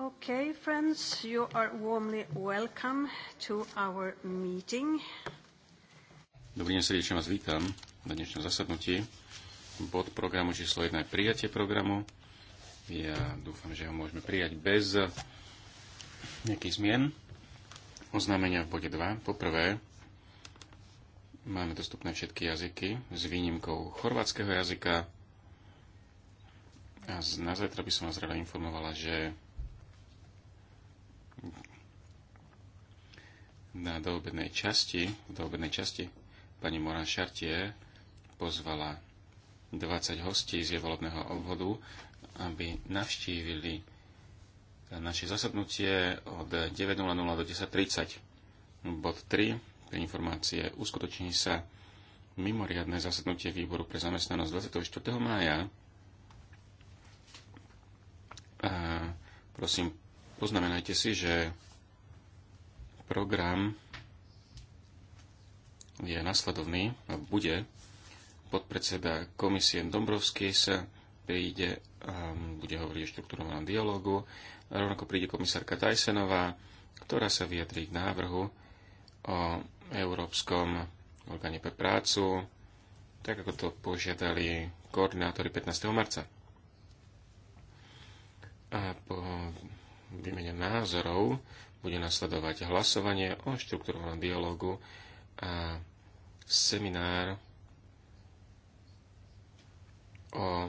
Okay, friends, you are warmly welcome to our meeting. Dobrý deň, srdečne vás vítam na dnešnom zasadnutí. Bod programu číslo 1 je prijatie programu. Ja dúfam, že ho môžeme prijať bez nejakých zmien. Oznámenia v bode 2. Poprvé, máme dostupné všetky jazyky s výnimkou chorvátskeho jazyka. A na zajtra by som vás rada informovala, že na doobednej časti, v doobednej časti pani Moran Chartier pozvala 20 hostí z jej volebného obvodu, aby navštívili naše zasadnutie od 9.00 do 10.30. Bod 3. Pre informácie uskutoční sa mimoriadne zasadnutie výboru pre zamestnanosť 24. mája. A prosím, poznamenajte si, že program je nasledovný, a bude podpredseda komisie Dombrovský sa príde, um, bude hovoriť o štruktúrovanom dialogu, a rovnako príde komisárka Tajsenová, ktorá sa vyjadrí k návrhu o Európskom orgáne pre prácu, tak ako to požiadali koordinátori 15. marca. A po výmene názorov bude nasledovať hlasovanie o štruktúrovanom dialogu a seminár o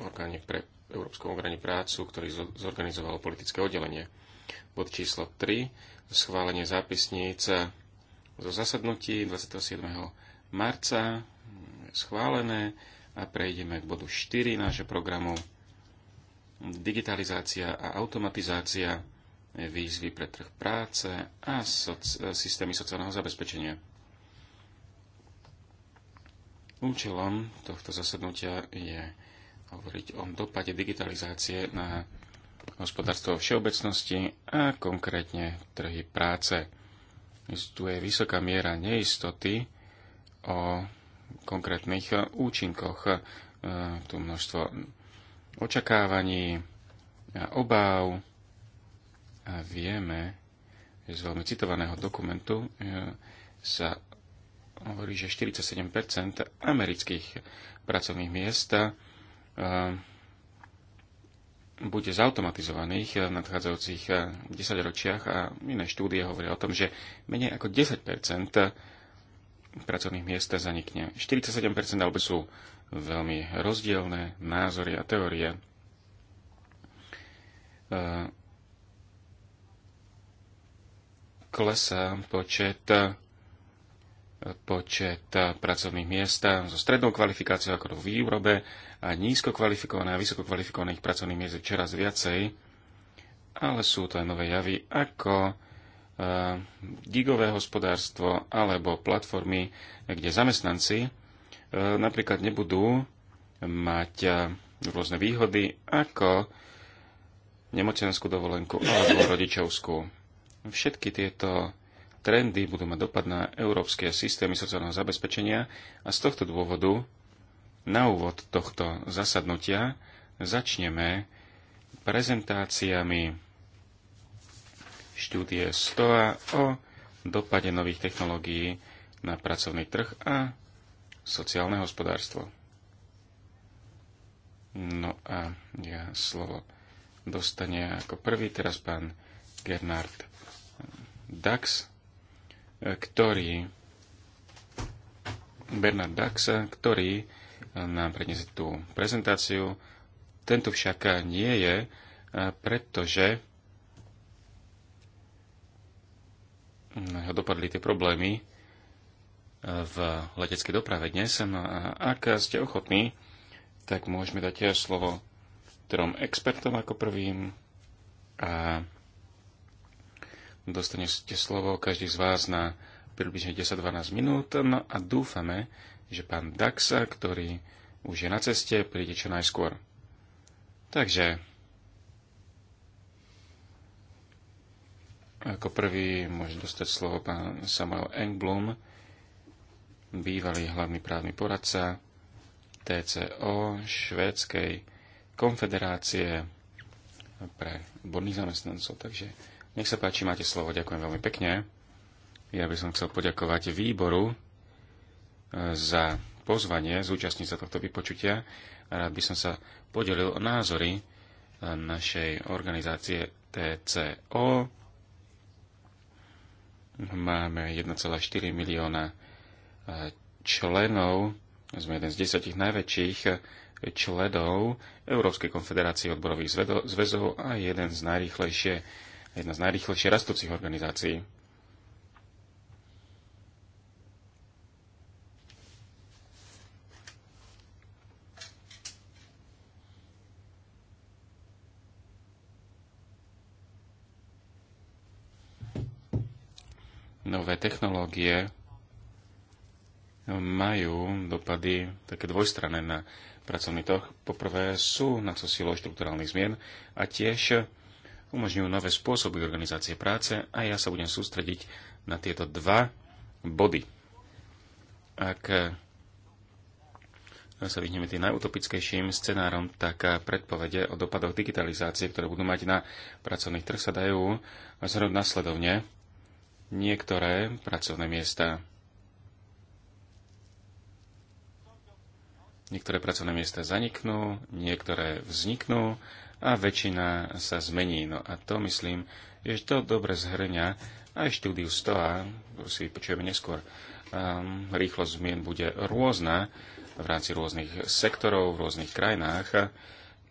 orgáne pre, Európskom orgáne prácu, ktorý zorganizovalo politické oddelenie. Bod číslo 3. Schválenie zápisníca zo zasadnutí 27. marca schválené a prejdeme k bodu 4 nášho programu digitalizácia a automatizácia výzvy pre trh práce a soc- e, systémy sociálneho zabezpečenia. Účelom tohto zasadnutia je hovoriť o dopade digitalizácie na hospodárstvo všeobecnosti a konkrétne trhy práce. Tu je vysoká miera neistoty o konkrétnych účinkoch, e, tu množstvo očakávaní, obáv, vieme, že z veľmi citovaného dokumentu e, sa hovorí, že 47 amerických pracovných miest e, bude zautomatizovaných v nadchádzajúcich 10 e, ročiach a iné štúdie hovoria o tom, že menej ako 10 pracovných miest zanikne. 47 alebo sú veľmi rozdielne názory a teórie. klesá počet, počet pracovných miest so strednou kvalifikáciou ako v výrobe a nízko kvalifikované a vysoko kvalifikovaných pracovných miest je čoraz viacej, ale sú to aj nové javy ako gigové eh, hospodárstvo alebo platformy, kde zamestnanci eh, napríklad nebudú mať eh, rôzne výhody ako nemocenskú dovolenku alebo rodičovskú. Všetky tieto trendy budú mať dopad na európske systémy sociálneho zabezpečenia a z tohto dôvodu na úvod tohto zasadnutia začneme prezentáciami štúdie STOA o dopade nových technológií na pracovný trh a sociálne hospodárstvo. No a ja slovo dostane ako prvý teraz pán Gernard Dax, ktorý Bernard Dax, ktorý nám predniesie tú prezentáciu. Tento však nie je, pretože ho dopadli tie problémy v leteckej doprave dnes. No a ak ste ochotní, tak môžeme dať tiež slovo trom expertom ako prvým a dostanete slovo každý z vás na približne 10-12 minút. No a dúfame, že pán Daxa, ktorý už je na ceste, príde čo najskôr. Takže, ako prvý môže dostať slovo pán Samuel Engblom, bývalý hlavný právny poradca TCO Švédskej konfederácie pre odborných zamestnancov. Takže nech sa páči, máte slovo. Ďakujem veľmi pekne. Ja by som chcel poďakovať výboru e, za pozvanie zúčastniť sa tohto vypočutia. Rád by som sa podelil o názory e, našej organizácie TCO. Máme 1,4 milióna e, členov, sme jeden z desiatich najväčších členov Európskej konfederácie odborových zväzov a jeden z najrýchlejšie jedna z najrychlejšie rastúcich organizácií. Nové technológie majú dopady také dvojstrané na pracovný trh. Poprvé sú na to silou štruktúrálnych zmien a tiež umožňujú nové spôsoby organizácie práce a ja sa budem sústrediť na tieto dva body. Ak sa vyhneme tým najutopickejším scenárom, tak predpovede o dopadoch digitalizácie, ktoré budú mať na pracovných trh, sa dajú zhrnúť nasledovne. Niektoré pracovné miesta Niektoré pracovné miesta zaniknú, niektoré vzniknú a väčšina sa zmení. No a to myslím, že to dobre zhrňa aj štúdiu 100, a si vypočujeme neskôr. Um, rýchlosť zmien bude rôzna v rámci rôznych sektorov, v rôznych krajinách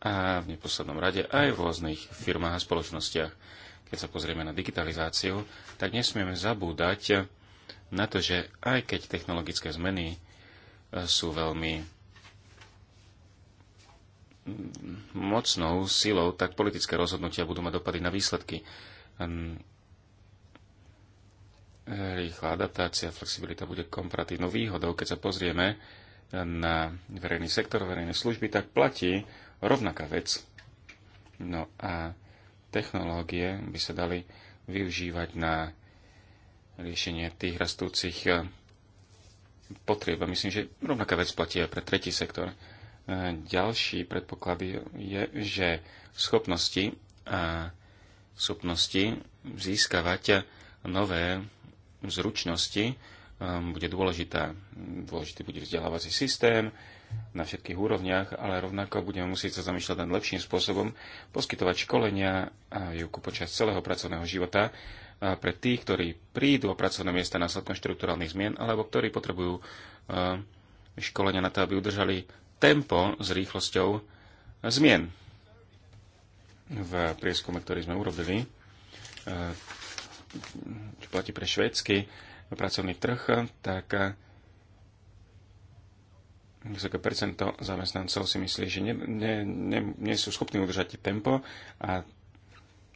a v neposlednom rade aj v rôznych firmách a spoločnostiach. Keď sa pozrieme na digitalizáciu, tak nesmieme zabúdať na to, že aj keď technologické zmeny sú veľmi mocnou silou, tak politické rozhodnutia budú mať dopady na výsledky. Ehm, rýchla adaptácia, flexibilita bude komparatívnou výhodou. Keď sa pozrieme na verejný sektor, verejné služby, tak platí rovnaká vec. No a technológie by sa dali využívať na riešenie tých rastúcich potrieb. myslím, že rovnaká vec platí aj pre tretí sektor ďalší predpoklad je, že schopnosti a schopnosti získavať nové zručnosti um, bude dôležitá. Dôležitý bude vzdelávací systém na všetkých úrovniach, ale rovnako budeme musieť sa zamýšľať nad lepším spôsobom poskytovať školenia a výuku počas celého pracovného života pre tých, ktorí prídu o pracovné miesta následkom štruktúrálnych zmien alebo ktorí potrebujú um, školenia na to, aby udržali tempo s rýchlosťou zmien. V prieskume, ktorý sme urobili, eh, čo platí pre švédsky pracovný trh, tak eh, vysoké percento zamestnancov si myslí, že nie, nie, nie, nie sú schopní udržať tempo a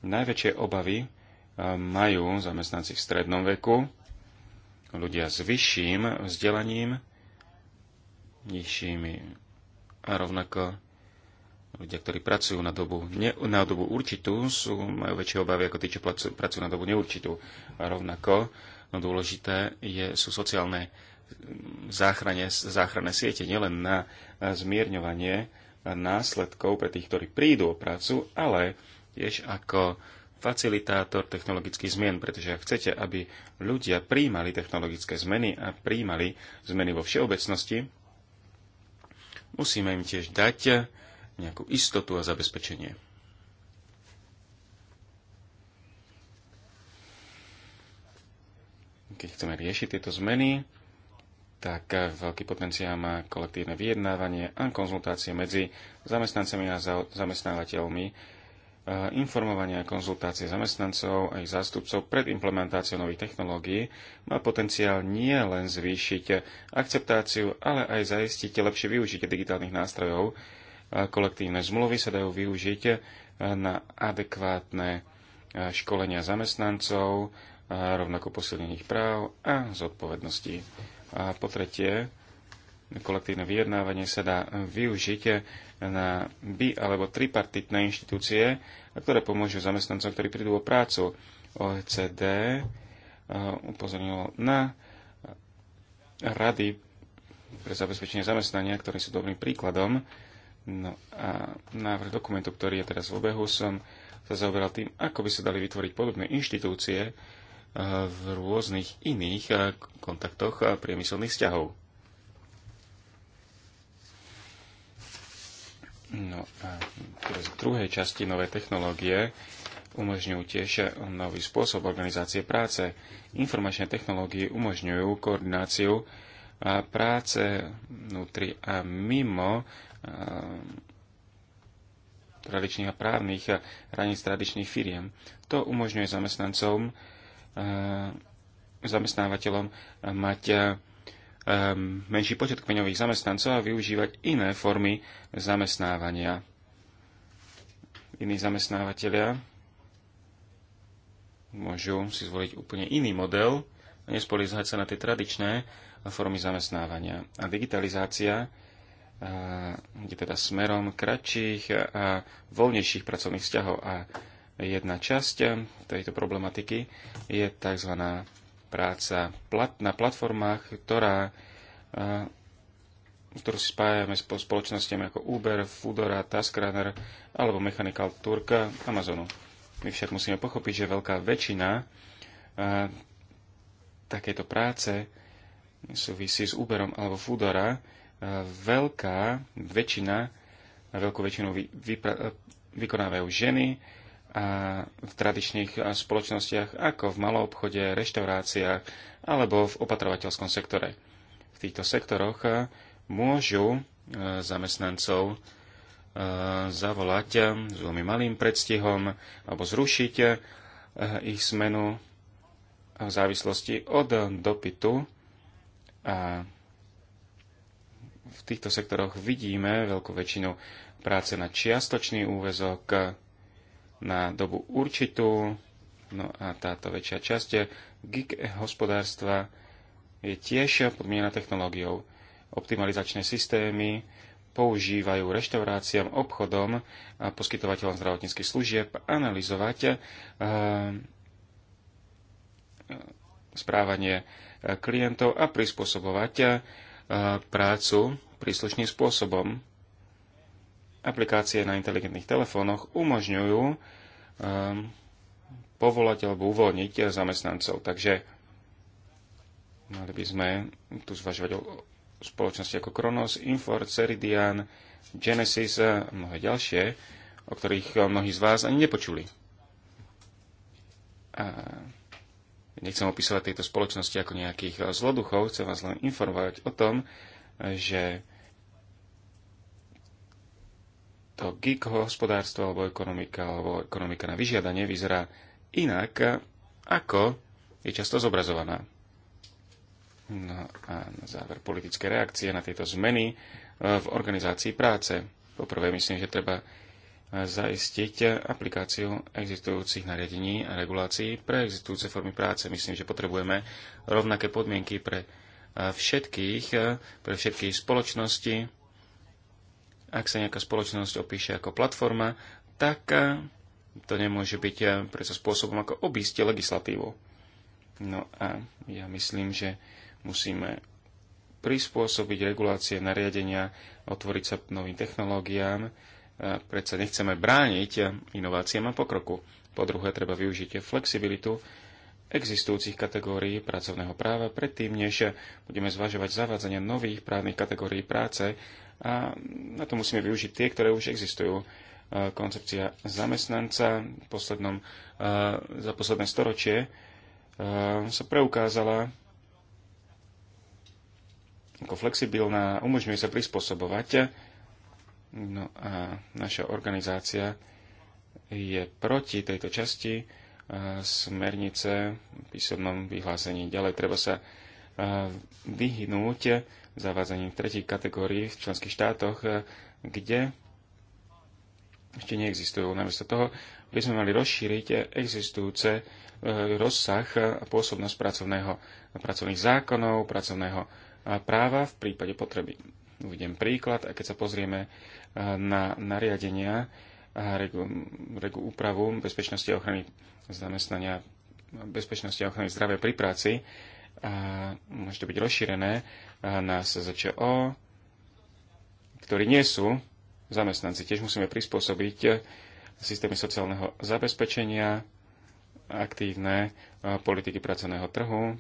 najväčšie obavy eh, majú zamestnanci v strednom veku, ľudia s vyšším vzdelaním, nižšími a rovnako ľudia, ktorí pracujú na dobu, ne, na dobu určitú, sú, majú väčšie obavy ako tí, čo pracujú na dobu neurčitú. A rovnako no dôležité je, sú sociálne mm, záchrane, záchranné siete, nielen na zmierňovanie následkov pre tých, ktorí prídu o prácu, ale tiež ako facilitátor technologických zmien, pretože ak chcete, aby ľudia príjmali technologické zmeny a príjmali zmeny vo všeobecnosti, musíme im tiež dať nejakú istotu a zabezpečenie. Keď chceme riešiť tieto zmeny, tak veľký potenciál má kolektívne vyjednávanie a konzultácie medzi zamestnancami a zamestnávateľmi, informovanie a konzultácie zamestnancov a ich zástupcov pred implementáciou nových technológií má potenciál nie len zvýšiť akceptáciu, ale aj zaistiť lepšie využitie digitálnych nástrojov. Kolektívne zmluvy sa dajú využiť na adekvátne e, školenia zamestnancov, e, rovnako posilnených práv a zodpovedností. A po tretie, kolektívne vyjednávanie sa dá využiť na bi- alebo tripartitné inštitúcie a ktoré pomôžu zamestnancom, ktorí prídu o prácu. OECD eh, upozornilo na rady pre zabezpečenie zamestnania, ktoré sú dobrým príkladom. No a návrh dokumentu, ktorý je teraz v obehu, som sa zaoberal tým, ako by sa dali vytvoriť podobné inštitúcie eh, v rôznych iných eh, kontaktoch a priemyselných vzťahov. No a teraz v druhej časti nové technológie umožňujú tiež nový spôsob organizácie práce. Informačné technológie umožňujú koordináciu práce vnútri a mimo tradičných a právnych a hraníc tradičných firiem. To umožňuje zamestnancom, zamestnávateľom mať Ehm, menší počet kmeňových zamestnancov a využívať iné formy zamestnávania. Iní zamestnávateľia môžu si zvoliť úplne iný model a nespoliehať sa na tie tradičné formy zamestnávania. A digitalizácia je teda smerom kratších a voľnejších pracovných vzťahov a jedna časť e, tejto problematiky je tzv práca plat, na platformách, ktorá, ktorú si spájame s spoločnosťami ako Uber, Foodora, Taskrunner alebo Mechanical Turk Amazonu. My však musíme pochopiť, že veľká väčšina takéto práce súvisí s Uberom alebo Foodora. Veľká väčšina, veľkú väčšinu vy, vykonávajú ženy, a v tradičných spoločnostiach ako v maloobchode, reštauráciách alebo v opatrovateľskom sektore. V týchto sektoroch môžu e, zamestnancov e, zavolať e, s veľmi malým predstihom alebo zrušiť ich smenu v závislosti od dopytu a v týchto sektoroch vidíme veľkú väčšinu práce na čiastočný úvezok, na dobu určitú. No a táto väčšia časť gig hospodárstva je tiež podmienená technológiou. Optimalizačné systémy používajú reštauráciám, obchodom a poskytovateľom zdravotníckých služieb analyzovať eh, správanie eh, klientov a prispôsobovať eh, prácu príslušným spôsobom aplikácie na inteligentných telefónoch umožňujú um, povolať alebo uvoľniť zamestnancov. Takže mali by sme tu zvažovať o spoločnosti ako Kronos, Infor, Ceridian, Genesis a mnohé ďalšie, o ktorých um, mnohí z vás ani nepočuli. A nechcem opisovať tejto spoločnosti ako nejakých uh, zloduchov, chcem vás len informovať o tom, že to gig hospodárstvo alebo ekonomika alebo ekonomika na vyžiadanie vyzerá inak, eh, ako je často zobrazovaná. No a na záver politické reakcie na tieto zmeny eh, v organizácii práce. Poprvé myslím, že treba eh, zaistiť aplikáciu existujúcich nariadení a regulácií pre existujúce formy práce. Myslím, že potrebujeme rovnaké podmienky pre všetkých, pre všetky spoločnosti, ak sa nejaká spoločnosť opíše ako platforma, tak eh, to nemôže byť eh, predsa spôsobom, ako obísť legislatívu. No a ja myslím, že musíme prispôsobiť regulácie nariadenia, otvoriť sa novým technológiám. Eh, predsa nechceme brániť inováciám a pokroku. Po druhé, treba využiť flexibilitu existujúcich kategórií pracovného práva predtým, než budeme zvažovať zavádzanie nových právnych kategórií práce a na to musíme využiť tie, ktoré už existujú. E, koncepcia zamestnanca v poslednom, e, za posledné storočie e, sa preukázala ako flexibilná, umožňuje sa prispôsobovať. No a naša organizácia je proti tejto časti smernice v písomnom vyhlásení. Ďalej treba sa vyhnúť v tretich kategórií v členských štátoch, e, kde ešte neexistujú. Namiesto toho by sme mali rozšíriť existujúce e, rozsah a pôsobnosť pracovného, pracovných zákonov, pracovného e, práva v prípade potreby. Uvidím príklad a keď sa pozrieme na nariadenia a regu, regu úpravu bezpečnosti a ochrany zamestnania, bezpečnosti a ochrany zdravia pri práci, môže to byť rozšírené na SZČO, ktorí nie sú zamestnanci. Tiež musíme prispôsobiť e, systémy sociálneho zabezpečenia, aktívne e, politiky pracovného trhu.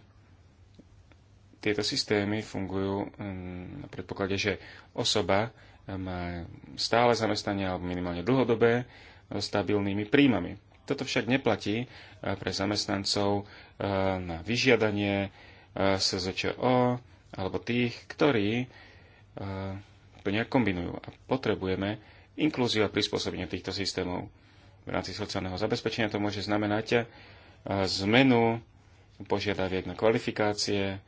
Tieto systémy fungujú mm, na predpoklade, že osoba e, má stále zamestnanie alebo minimálne dlhodobé stabilnými príjmami toto však neplatí e, pre zamestnancov e, na vyžiadanie e, SZČO alebo tých, ktorí to nejak kombinujú. A potrebujeme inklúziu a prispôsobenie týchto systémov. V rámci sociálneho zabezpečenia to môže znamenať zmenu požiadaviek na kvalifikácie,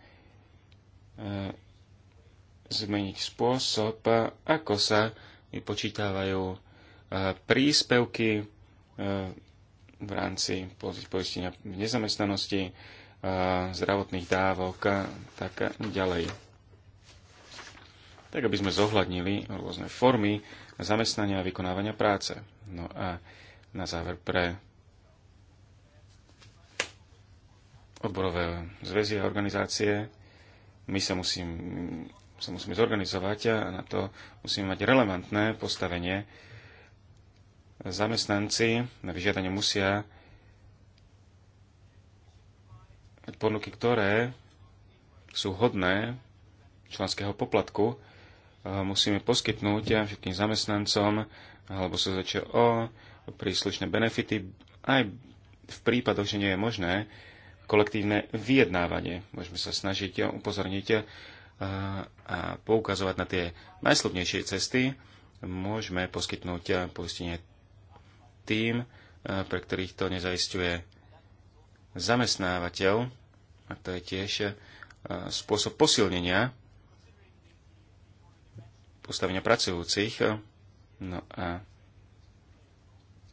zmeniť spôsob, ako sa vypočítavajú príspevky v rámci poistenia nezamestnanosti, zdravotných dávok a tak ďalej. Tak, aby sme zohľadnili rôzne formy zamestnania a vykonávania práce. No a na záver pre odborové zväzy a organizácie my sa, musím, sa musíme zorganizovať a na to musíme mať relevantné postavenie zamestnanci na vyžiadanie musia ponuky, ktoré sú hodné členského poplatku, musíme poskytnúť všetkým zamestnancom alebo o príslušné benefity aj v prípadoch, že nie je možné kolektívne vyjednávanie. Môžeme sa snažiť upozorniť a poukazovať na tie najslubnejšie cesty. Môžeme poskytnúť poistenie tým, e, pre ktorých to nezaistuje zamestnávateľ. A to je tiež e, spôsob posilnenia postavenia pracujúcich. E, no a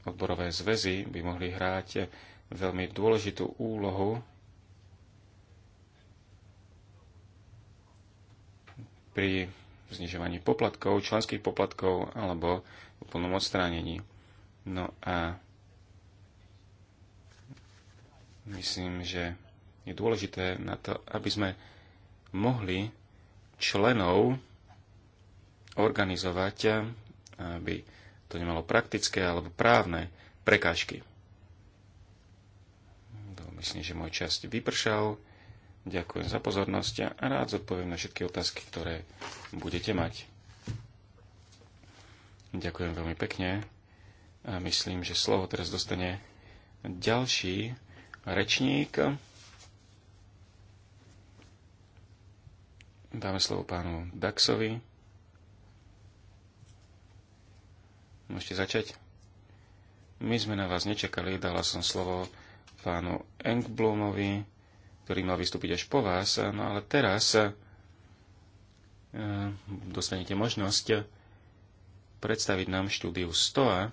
odborové zväzy by mohli hráť veľmi dôležitú úlohu pri znižovaní poplatkov, členských poplatkov alebo úplnom odstránení. No a myslím, že je dôležité na to, aby sme mohli členov organizovať, aby to nemalo praktické alebo právne prekážky. Myslím, že môj časť vypršal. Ďakujem za pozornosť a rád zodpoviem na všetky otázky, ktoré budete mať. Ďakujem veľmi pekne myslím, že slovo teraz dostane ďalší rečník. Dáme slovo pánu Daxovi. Môžete začať. My sme na vás nečakali, dala som slovo pánu Engblomovi, ktorý mal vystúpiť až po vás, no ale teraz eh, dostanete možnosť predstaviť nám štúdiu STOA,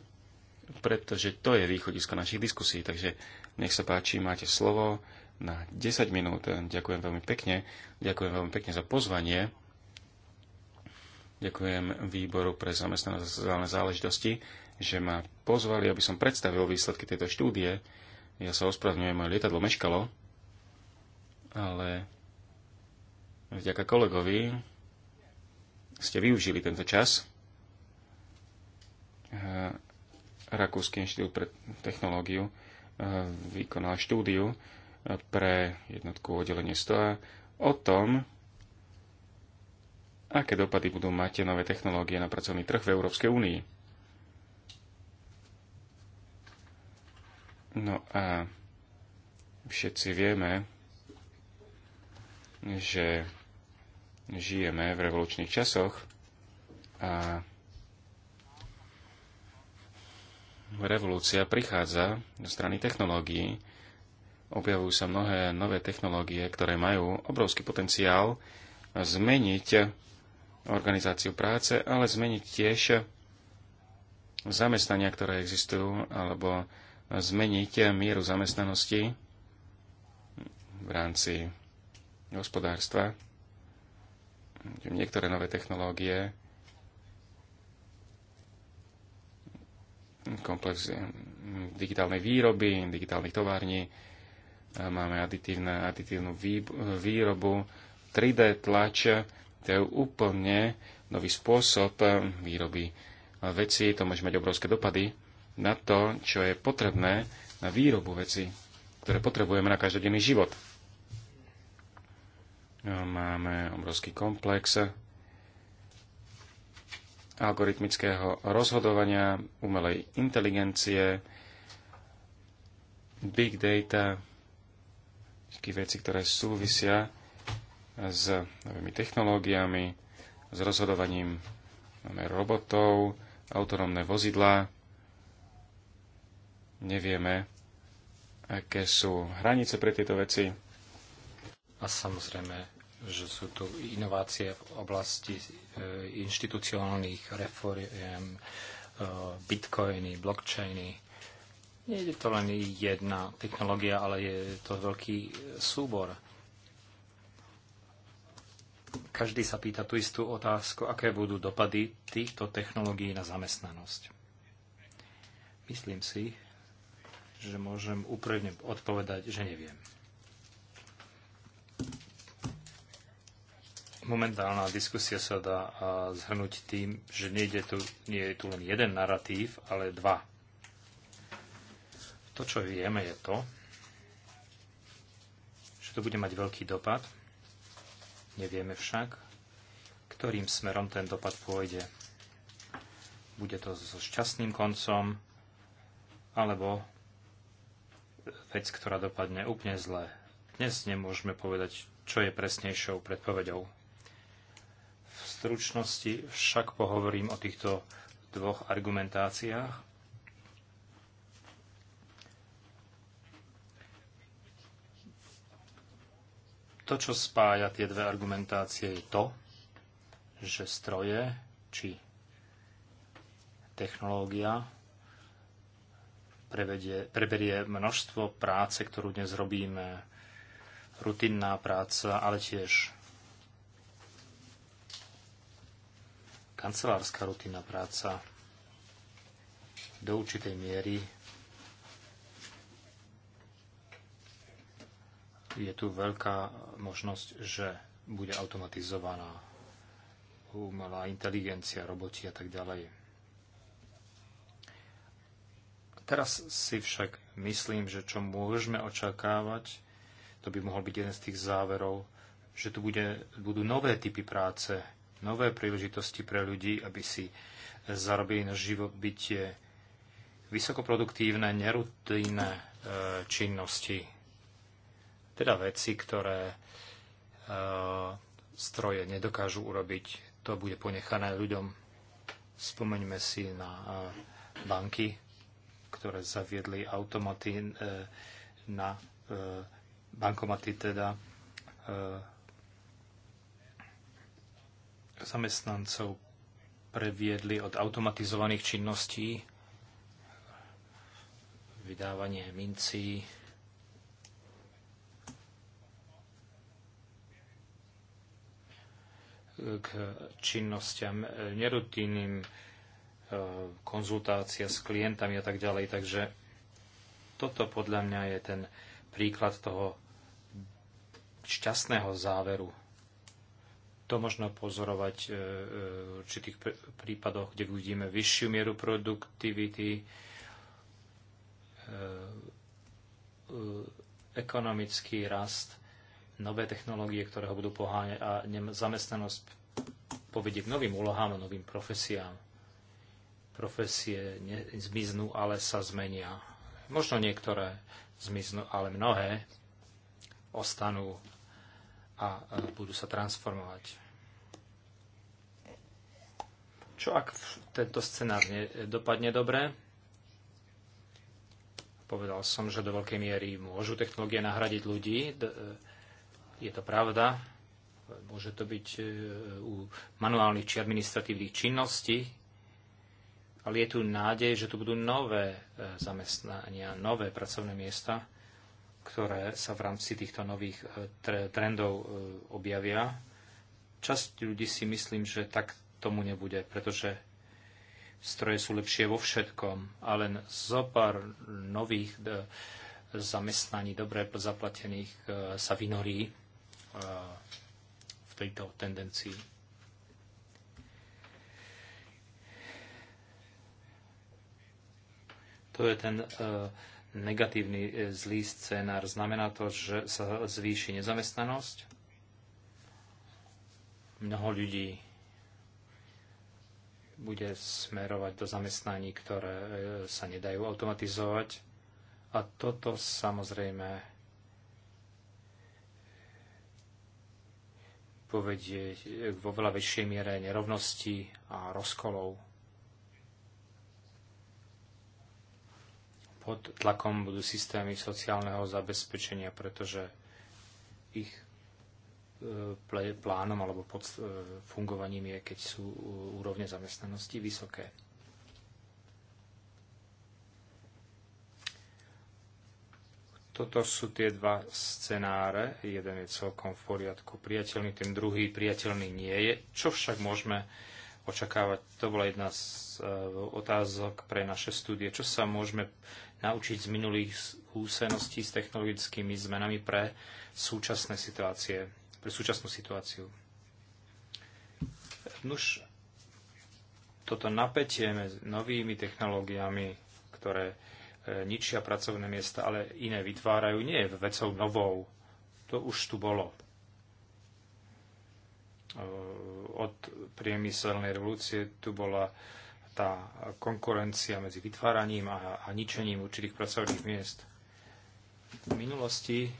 pretože to je východisko našich diskusí. Takže nech sa páči, máte slovo na 10 minút. Ďakujem veľmi pekne. Ďakujem veľmi pekne za pozvanie. Ďakujem výboru pre zamestnanosť a sociálne záležitosti, že ma pozvali, aby som predstavil výsledky tejto štúdie. Ja sa ospravňujem, moje lietadlo meškalo, ale vďaka kolegovi ste využili tento čas Rakúsky inštitút pre technológiu e, vykonal štúdiu e, pre jednotku oddelenie STOA o tom, aké dopady budú mať nové technológie na pracovný trh v Európskej únii. No a všetci vieme, že žijeme v revolučných časoch a revolúcia prichádza zo strany technológií. Objavujú sa mnohé nové technológie, ktoré majú obrovský potenciál zmeniť organizáciu práce, ale zmeniť tiež zamestnania, ktoré existujú, alebo zmeniť mieru zamestnanosti v rámci hospodárstva. Niektoré nové technológie komplex eh, digitálnej výroby, digitálnych tovární, eh, máme aditívne, aditívnu výrobu, 3D tlač, to je úplne nový spôsob eh, výroby veci, to môže mať obrovské dopady na to, čo je potrebné na výrobu veci, ktoré potrebujeme na každodenný život. Máme obrovský komplex algoritmického rozhodovania, umelej inteligencie, big data, všetky veci, ktoré súvisia s novými technológiami, s rozhodovaním máme robotov, autonómne vozidlá. Nevieme, aké sú hranice pre tieto veci. A samozrejme, že sú tu inovácie v oblasti e, inštitucionálnych reforiem, e, bitcoiny, blockchainy. Nie je to len jedna technológia, ale je to veľký súbor. Každý sa pýta tú istú otázku, aké budú dopady týchto technológií na zamestnanosť. Myslím si, že môžem úprimne odpovedať, že neviem. momentálna diskusia sa dá zhrnúť tým, že nejde tu, nie je tu len jeden narratív, ale dva. To, čo vieme, je to, že to bude mať veľký dopad. Nevieme však, ktorým smerom ten dopad pôjde. Bude to so šťastným koncom, alebo vec, ktorá dopadne úplne zle. Dnes nemôžeme povedať, čo je presnejšou predpovedou stručnosti však pohovorím o týchto dvoch argumentáciách. To, čo spája tie dve argumentácie, je to, že stroje či technológia prevedie, preberie množstvo práce, ktorú dnes robíme, rutinná práca, ale tiež kancelárska rutina práca do určitej miery je tu veľká možnosť, že bude automatizovaná umelá inteligencia, roboti a tak ďalej. Teraz si však myslím, že čo môžeme očakávať, to by mohol byť jeden z tých záverov, že tu bude, budú nové typy práce, nové príležitosti pre ľudí, aby si zarobili na živobytie vysokoproduktívne, nerutinné e, činnosti. Teda veci, ktoré e, stroje nedokážu urobiť, to bude ponechané ľuďom. Spomeňme si na e, banky, ktoré zaviedli automaty e, na e, bankomaty teda e, zamestnancov previedli od automatizovaných činností, vydávanie mincí, k činnostiam nerutinným e, konzultácia s klientami a tak ďalej. Takže toto podľa mňa je ten príklad toho šťastného záveru to možno pozorovať e, e, v určitých prípadoch, kde vidíme vyššiu mieru produktivity, e, ekonomický rast, nové technológie, ktoré ho budú poháňať a zamestnanosť povedie k novým úlohám a novým profesiám. Profesie zmiznú, ale sa zmenia. Možno niektoré zmiznú, ale mnohé ostanú a budú sa transformovať. Čo ak tento scenár dopadne dobre? Povedal som, že do veľkej miery môžu technológie nahradiť ľudí. E, je to pravda. Môže to byť e, u manuálnych či administratívnych činností, ale je tu nádej, že tu budú nové e, zamestnania, nové pracovné miesta, ktoré sa v rámci týchto nových e, trendov e, objavia. Časť ľudí si myslím, že tak tomu nebude, pretože stroje sú lepšie vo všetkom a len zo pár nových e, zamestnaní dobre zaplatených sa vynorí v tejto tendencii. To je ten uh, negatívny e, zlý scénár. Znamená to, že sa zvýši nezamestnanosť. Mnoho ľudí bude smerovať do zamestnaní, ktoré e, sa nedajú automatizovať. A toto samozrejme povedie vo veľa väčšej miere nerovnosti a rozkolov pod tlakom budú systémy sociálneho zabezpečenia, pretože ich e, plánom alebo pod e, fungovaním je, keď sú e, úrovne zamestnanosti vysoké. Toto sú tie dva scenáre. Jeden je celkom v poriadku priateľný, ten druhý priateľný nie je. Čo však môžeme očakávať? To bola jedna z e, otázok pre naše štúdie. Čo sa môžeme naučiť z minulých skúseností s technologickými zmenami pre súčasné situácie, pre súčasnú situáciu? Nuž, toto napätie medzi novými technológiami, ktoré e, ničia pracovné miesta, ale iné vytvárajú, nie je vecou novou. To už tu bolo od priemyselnej revolúcie tu bola tá konkurencia medzi vytváraním a, a ničením určitých pracovných miest. V minulosti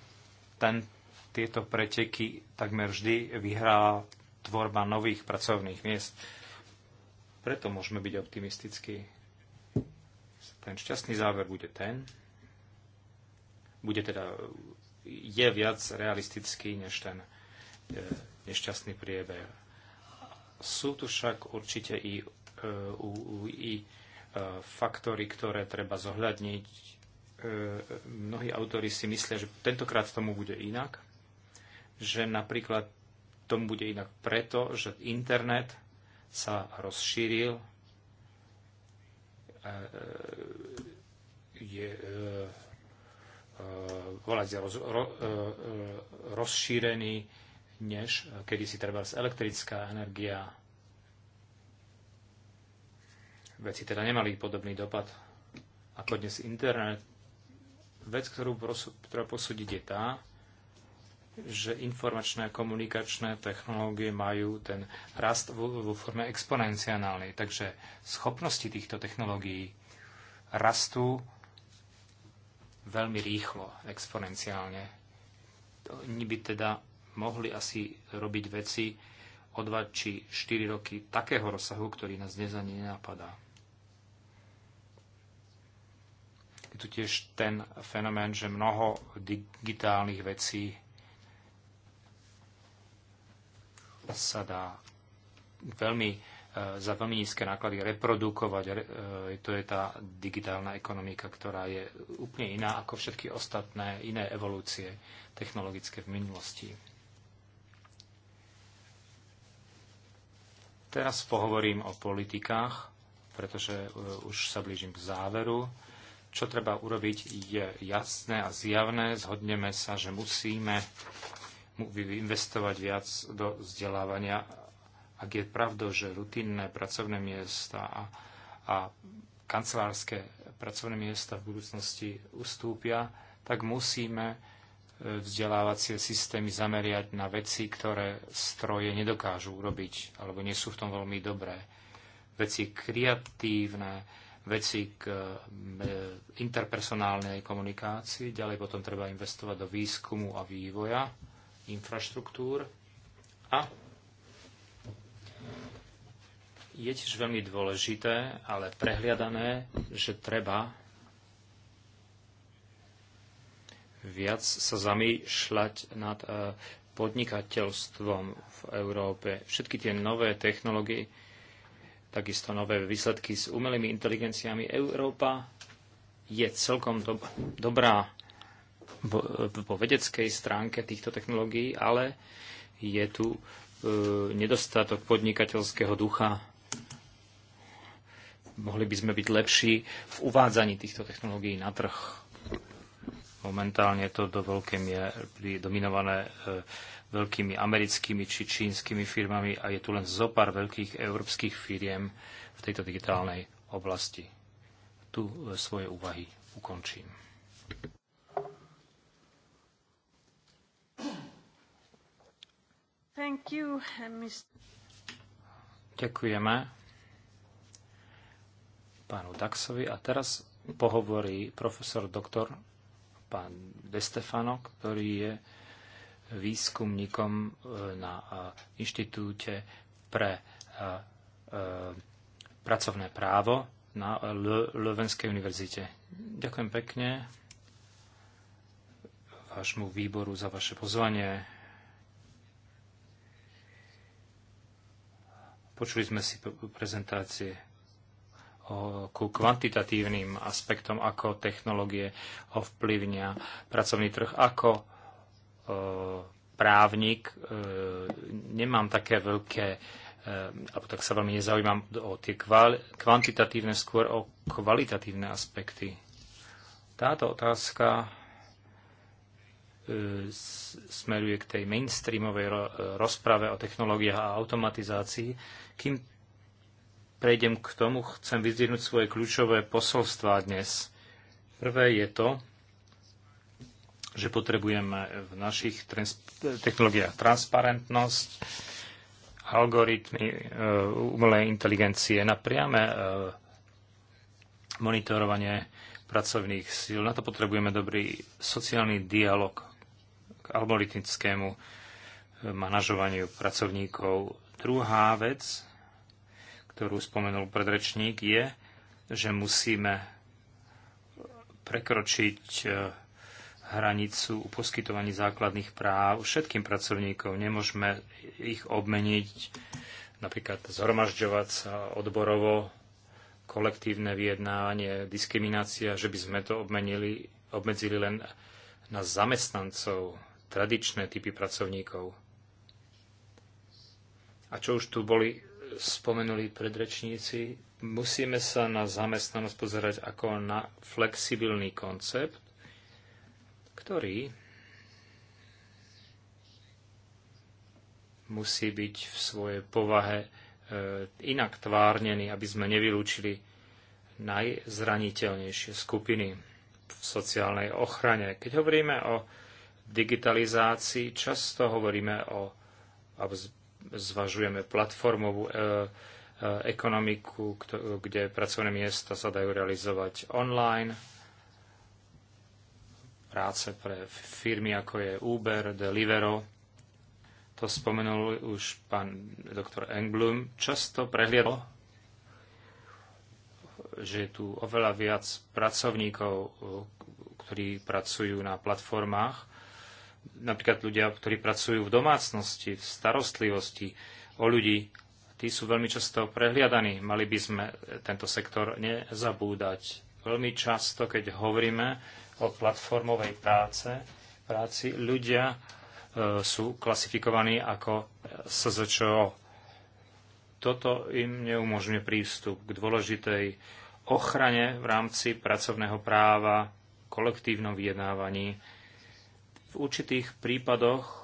ten, tieto preteky takmer vždy vyhrala tvorba nových pracovných miest. Preto môžeme byť optimistickí. Ten šťastný záver bude ten, bude teda je viac realistický než ten e, nešťastný priebeh. Sú tu však určite i, e, i e, faktory, ktoré treba zohľadniť. E, mnohí autori si myslia, že tentokrát tomu bude inak, že napríklad tomu bude inak preto, že internet sa rozšíril, je volať roz, ro, rozšírený než eh, kedysi treba elektrická energia. Veci teda nemali podobný dopad ako dnes internet. Vec, ktorú treba posúdiť, je tá, že informačné a komunikačné technológie majú ten rast vo forme exponenciálnej. Takže schopnosti týchto technológií rastú veľmi rýchlo, exponenciálne. Oni by teda mohli asi robiť veci o 2 či 4 roky takého rozsahu, ktorý nás dnes ani nenapadá. Je tu tiež ten fenomén, že mnoho digitálnych vecí sa dá veľmi e, za veľmi nízke náklady reprodukovať. E, to je tá digitálna ekonomika, ktorá je úplne iná ako všetky ostatné iné evolúcie technologické v minulosti. Teraz pohovorím o politikách, pretože e, už sa blížim k záveru. Čo treba urobiť je jasné a zjavné. Zhodneme sa, že musíme investovať viac do vzdelávania. Ak je pravdou, že rutinné pracovné miesta a, a kancelárske pracovné miesta v budúcnosti ustúpia, tak musíme vzdelávacie systémy zameriať na veci, ktoré stroje nedokážu urobiť, alebo nie sú v tom veľmi dobré. Veci kreatívne, veci k e, interpersonálnej komunikácii, ďalej potom treba investovať do výskumu a vývoja, infraštruktúr a je tiež veľmi dôležité, ale prehliadané, že treba viac sa zamýšľať nad e, podnikateľstvom v Európe. Všetky tie nové technológie, takisto nové výsledky s umelými inteligenciami. Európa je celkom dob- dobrá po, e, po vedeckej stránke týchto technológií, ale je tu e, nedostatok podnikateľského ducha. Mohli by sme byť lepší v uvádzaní týchto technológií na trh. Momentálne je to do veľkej miery dominované e, veľkými americkými či čínskymi firmami a je tu len pár veľkých európskych firiem v tejto digitálnej oblasti. Tu e, svoje úvahy ukončím. Thank you, Ďakujeme pánu Daxovi a teraz pohovorí profesor doktor pán De Stefano, ktorý je výskumníkom e, na e, inštitúte pre e, pracovné právo na Lovenskej univerzite. Ďakujem pekne vášmu výboru za vaše pozvanie. Počuli sme si prezentácie ku kvantitatívnym aspektom, ako technológie ovplyvnia pracovný trh. Ako právnik e, nemám také veľké, e, alebo tak sa veľmi nezaujímam o tie kvantitatívne, skôr o kvalitatívne aspekty. Táto otázka e, smeruje k tej mainstreamovej rozprave o technológiách a automatizácii, kým prejdem k tomu, chcem vyzdvihnúť svoje kľúčové posolstvá dnes. Prvé je to, že potrebujeme v našich trans- technológiách transparentnosť, algoritmy umelé umelej inteligencie na priame e, monitorovanie pracovných síl. Na to potrebujeme dobrý sociálny dialog k algoritmickému e, manažovaniu pracovníkov. Druhá vec, ktorú spomenul predrečník, je, že musíme prekročiť e, hranicu u poskytovaní základných práv všetkým pracovníkom. Nemôžeme ich obmeniť, napríklad zhromažďovať sa odborovo, kolektívne vyjednávanie, diskriminácia, že by sme to obmenili, obmedzili len na zamestnancov, tradičné typy pracovníkov. A čo už tu boli spomenuli predrečníci, musíme sa na zamestnanosť pozerať ako na flexibilný koncept, ktorý musí byť v svojej povahe e, inak tvárnený, aby sme nevylúčili najzraniteľnejšie skupiny v sociálnej ochrane. Keď hovoríme o digitalizácii, často hovoríme o, zvažujeme platformovú e, e, ekonomiku, kde pracovné miesta sa dajú realizovať online, práce pre firmy ako je Uber, Delivero. To spomenul už pán doktor Engblum. Často prehliadol, že je tu oveľa viac pracovníkov, e, ktorí pracujú na platformách, napríklad ľudia, ktorí pracujú v domácnosti, v starostlivosti o ľudí, tí sú veľmi často prehliadaní. Mali by sme tento sektor nezabúdať. Veľmi často, keď hovoríme o platformovej práce, práci, ľudia e, sú klasifikovaní ako SZČO. Toto im neumožňuje prístup k dôležitej ochrane v rámci pracovného práva, kolektívnom vyjednávaní, určitých prípadoch e,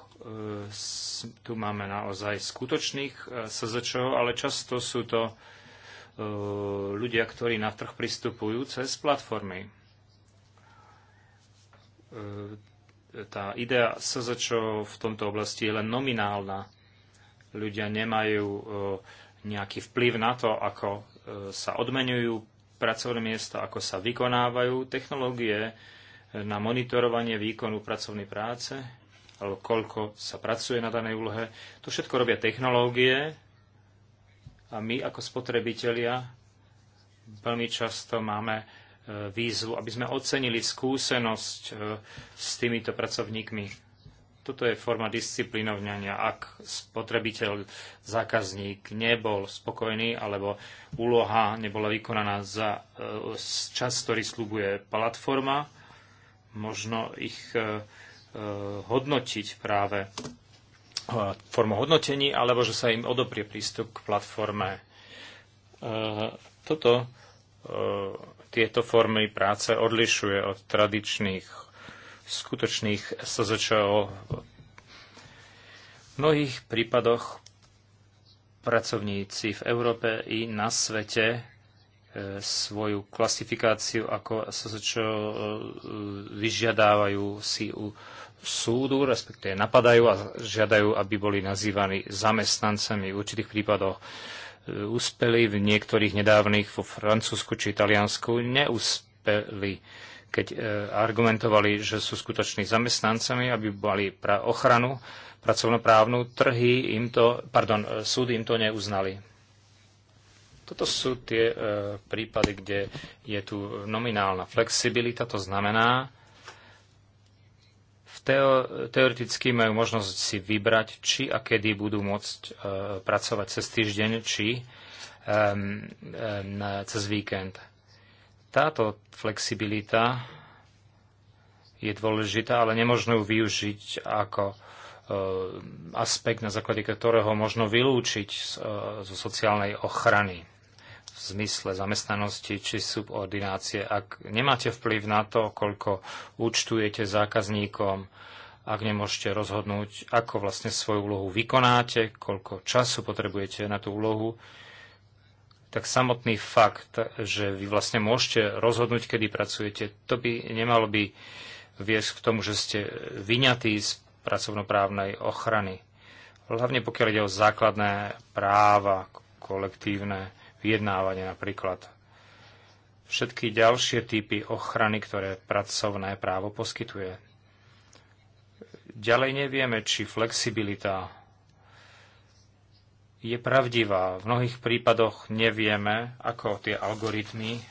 tu máme naozaj skutočných e, SZČO, ale často sú to e, ľudia, ktorí na trh pristupujú cez platformy. Tá idea SZČO v tomto oblasti je len nominálna. Ľudia nemajú nejaký vplyv na to, ako sa odmenujú pracovné miesta, ako sa vykonávajú. Technológie na monitorovanie výkonu pracovnej práce, alebo koľko sa pracuje na danej úlohe. To všetko robia technológie a my ako spotrebitelia veľmi často máme e, výzvu, aby sme ocenili skúsenosť e, s týmito pracovníkmi. Toto je forma disciplinovňania. Ak spotrebiteľ, zákazník nebol spokojný alebo úloha nebola vykonaná za e, čas, ktorý slúbuje platforma, možno ich e, e, hodnotiť práve e, formou hodnotení, alebo že sa im odoprie prístup k platforme. Toto, tieto formy práce odlišuje od tradičných skutočných SZČO. V mnohých prípadoch pracovníci v Európe i na svete svoju klasifikáciu, ako sa čo e, vyžiadávajú si u súdu, respektíve napadajú a žiadajú, aby boli nazývaní zamestnancami. V určitých prípadoch e, úspeli, v niektorých nedávnych vo Francúzsku či Taliansku neúspeli, keď e, argumentovali, že sú skutoční zamestnancami, aby mali pra ochranu pracovnoprávnu, trhy im to, pardon, súdy im to neuznali toto sú tie e, prípady, kde je tu nominálna flexibilita, to znamená, v teo- teoreticky majú možnosť si vybrať, či a kedy budú môcť e, pracovať cez týždeň, či e, e, na, cez víkend. Táto flexibilita je dôležitá, ale nemožno ju využiť ako e, aspekt, na základe ktorého možno vylúčiť e, zo sociálnej ochrany v zmysle zamestnanosti či subordinácie. Ak nemáte vplyv na to, koľko účtujete zákazníkom, ak nemôžete rozhodnúť, ako vlastne svoju úlohu vykonáte, koľko času potrebujete na tú úlohu, tak samotný fakt, že vy vlastne môžete rozhodnúť, kedy pracujete, to by nemalo by viesť k tomu, že ste vyňatí z pracovnoprávnej ochrany. Hlavne pokiaľ ide o základné práva kolektívne, vyjednávania napríklad. Všetky ďalšie typy ochrany, ktoré pracovné právo poskytuje. Ďalej nevieme, či flexibilita je pravdivá. V mnohých prípadoch nevieme, ako tie algoritmy e,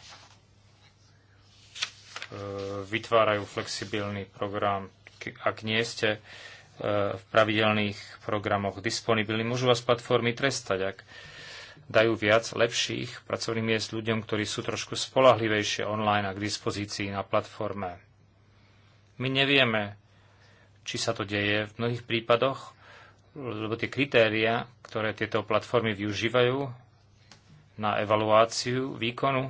vytvárajú flexibilný program. Ak nie ste e, v pravidelných programoch disponibilní, môžu vás platformy trestať. Ak dajú viac lepších pracovných miest ľuďom, ktorí sú trošku spolahlivejšie online a k dispozícii na platforme. My nevieme, či sa to deje v mnohých prípadoch, lebo tie kritéria, ktoré tieto platformy využívajú na evaluáciu výkonu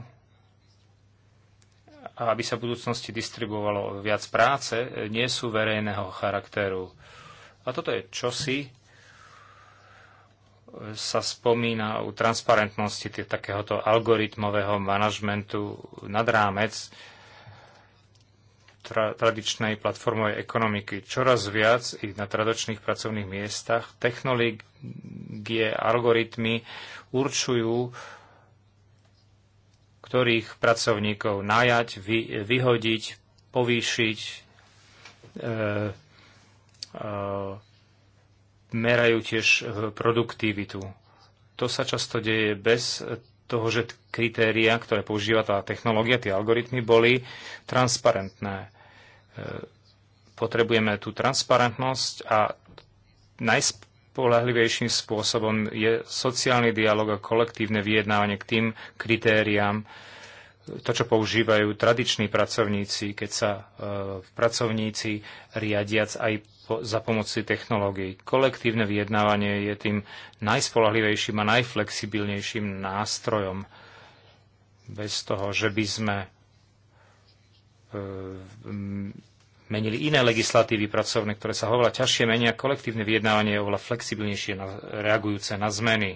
a aby sa v budúcnosti distribuovalo viac práce, nie sú verejného charakteru. A toto je čosi, sa spomína o transparentnosti takéhoto algoritmového manažmentu nad rámec tra, tradičnej platformovej ekonomiky. Čoraz viac i na tradičných pracovných miestach technológie, algoritmy určujú, ktorých pracovníkov najať, vy, vyhodiť, povýšiť, e, e merajú tiež e, produktivitu. To sa často deje bez toho, že kritéria, ktoré používa tá technológia, tie algoritmy, boli transparentné. E, potrebujeme tú transparentnosť a najspolahlivejším spôsobom je sociálny dialog a kolektívne vyjednávanie k tým kritériám, to, čo používajú tradiční pracovníci, keď sa e, pracovníci riadiac aj za pomoci technológií. Kolektívne vyjednávanie je tým najspolahlivejším a najflexibilnejším nástrojom bez toho, že by sme e, menili iné legislatívy pracovné, ktoré sa oveľa ťažšie menia. Kolektívne vyjednávanie je oveľa flexibilnejšie reagujúce na zmeny.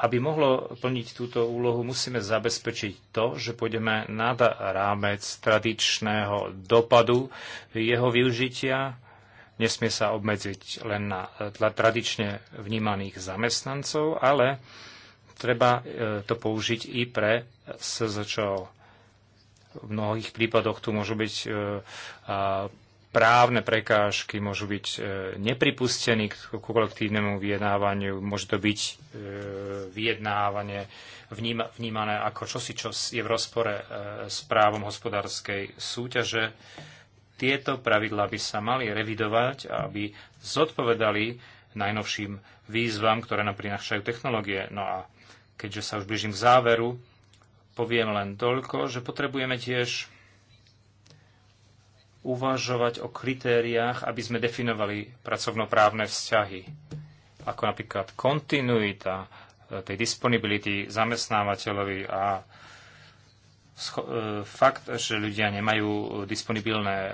Aby mohlo plniť túto úlohu, musíme zabezpečiť to, že pôjdeme nad rámec tradičného dopadu jeho využitia. Nesmie sa obmedziť len na tradične vnímaných zamestnancov, ale treba e, to použiť i pre SZČO. V mnohých prípadoch tu môžu byť e, právne prekážky môžu byť e, nepripustení k kolektívnemu vyjednávaniu, môže to byť e, vyjednávanie vnímané ako čosi, čo je v rozpore e, s právom hospodárskej súťaže. Tieto pravidlá by sa mali revidovať, aby zodpovedali najnovším výzvam, ktoré nám prinášajú technológie. No a keďže sa už blížim k záveru, poviem len toľko, že potrebujeme tiež uvažovať o kritériách, aby sme definovali pracovnoprávne vzťahy, ako napríklad kontinuita e, tej disponibility zamestnávateľovi a e, fakt, že ľudia nemajú disponibilné e,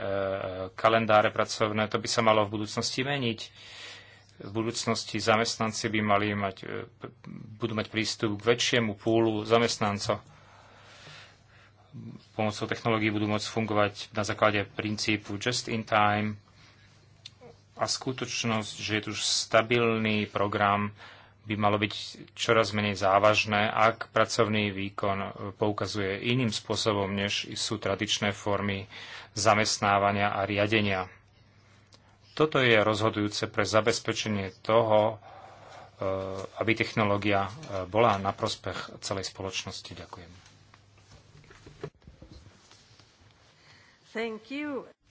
kalendáre pracovné, to by sa malo v budúcnosti meniť. V budúcnosti zamestnanci by mali mať, budú mať prístup k väčšiemu púlu zamestnancov pomocou technológií budú môcť fungovať na základe princípu just in time a skutočnosť, že je tu už stabilný program, by malo byť čoraz menej závažné, ak pracovný výkon e, poukazuje iným spôsobom, než sú tradičné formy zamestnávania a riadenia. Toto je rozhodujúce pre zabezpečenie toho, e, aby technológia e, bola na prospech celej spoločnosti. Ďakujem.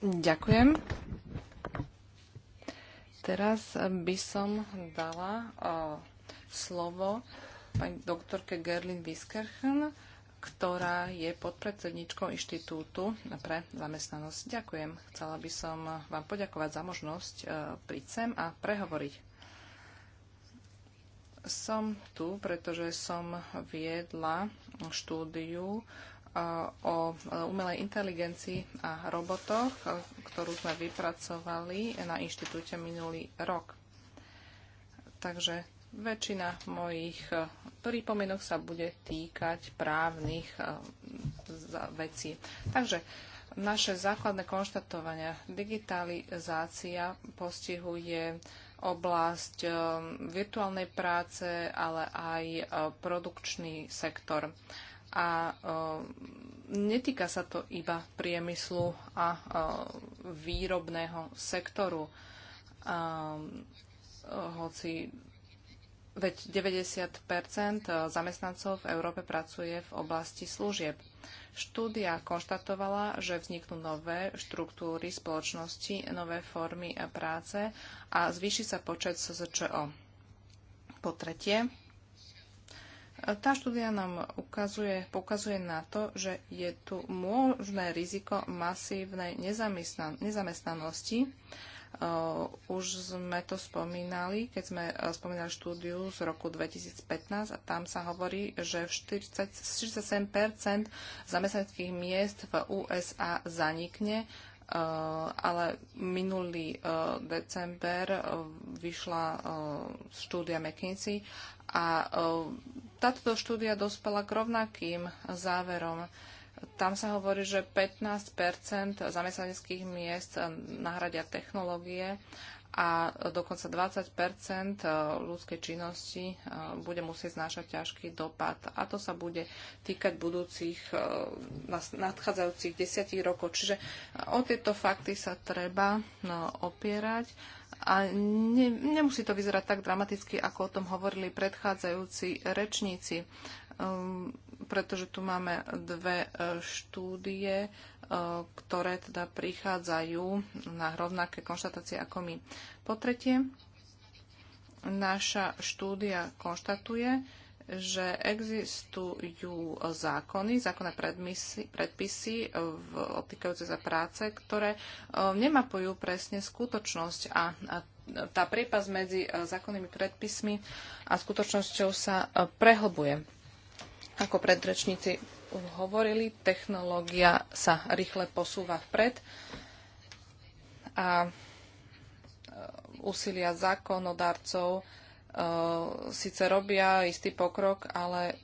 Ďakujem. Teraz by som dala uh, slovo pani doktorke Gerlin Wieskerchen, ktorá je podpredsedničkou Inštitútu pre zamestnanosť. Ďakujem. Chcela by som vám poďakovať za možnosť príť sem a prehovoriť. Som tu, pretože som viedla štúdiu o umelej inteligencii a robotoch, ktorú sme vypracovali na inštitúte minulý rok. Takže väčšina mojich pripomienok sa bude týkať právnych vecí. Takže naše základné konštatovania. Digitalizácia postihuje oblasť virtuálnej práce, ale aj produkčný sektor a netýka sa to iba priemyslu a výrobného sektoru. Hoci veď 90 zamestnancov v Európe pracuje v oblasti služieb. Štúdia konštatovala, že vzniknú nové štruktúry spoločnosti, nové formy práce a zvýši sa počet SZČO. Po tretie, tá štúdia nám ukazuje, pokazuje na to, že je tu možné riziko masívnej nezamestnanosti. Uh, už sme to spomínali, keď sme uh, spomínali štúdiu z roku 2015 a tam sa hovorí, že 40, 47% zamestnaneckých miest v USA zanikne Eh, ale minulý eh, december eh, vyšla štúdia McKinsey a táto štúdia dospela k rovnakým záverom. Tam sa hovorí, že 15 zamestnaneckých miest nahradia technológie a dokonca 20 eh, ľudskej činnosti eh, bude musieť znášať ťažký dopad. A to sa bude týkať budúcich, eh, nadchádzajúcich desiatich rokov. Čiže o tieto fakty sa treba opierať. A ne, nemusí to vyzerať tak dramaticky, ako o tom hovorili predchádzajúci rečníci. Ehm, pretože tu máme dve e, štúdie, e, ktoré teda prichádzajú na rovnaké konštatácie ako my. Po tretie, naša štúdia konštatuje, že existujú zákony, zákonné predpisy e, v, týkajúce sa práce, ktoré nemapujú presne skutočnosť a, a tá priepas medzi zákonnými predpismi a skutočnosťou sa prehlbuje. Ako predrečníci hovorili, technológia sa rýchle posúva vpred a e, úsilia zákonodarcov e, síce robia istý pokrok, ale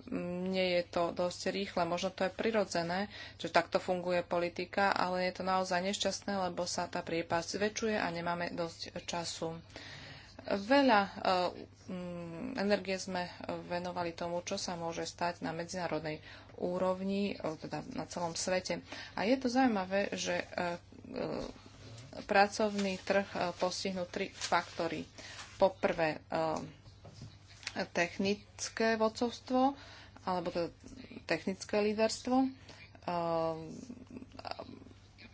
nie je to dosť rýchle. Možno to je prirodzené, že takto funguje politika, ale je to naozaj nešťastné, lebo sa tá priepasť zväčšuje a nemáme dosť času. Veľa eh, mm, energie sme venovali tomu, čo sa môže stať na medzinárodnej úrovni, eh, teda na celom svete. A je to zaujímavé, že eh, pracovný trh postihnú tri faktory. Po prvé, technické vodcovstvo, alebo teda technické líderstvo,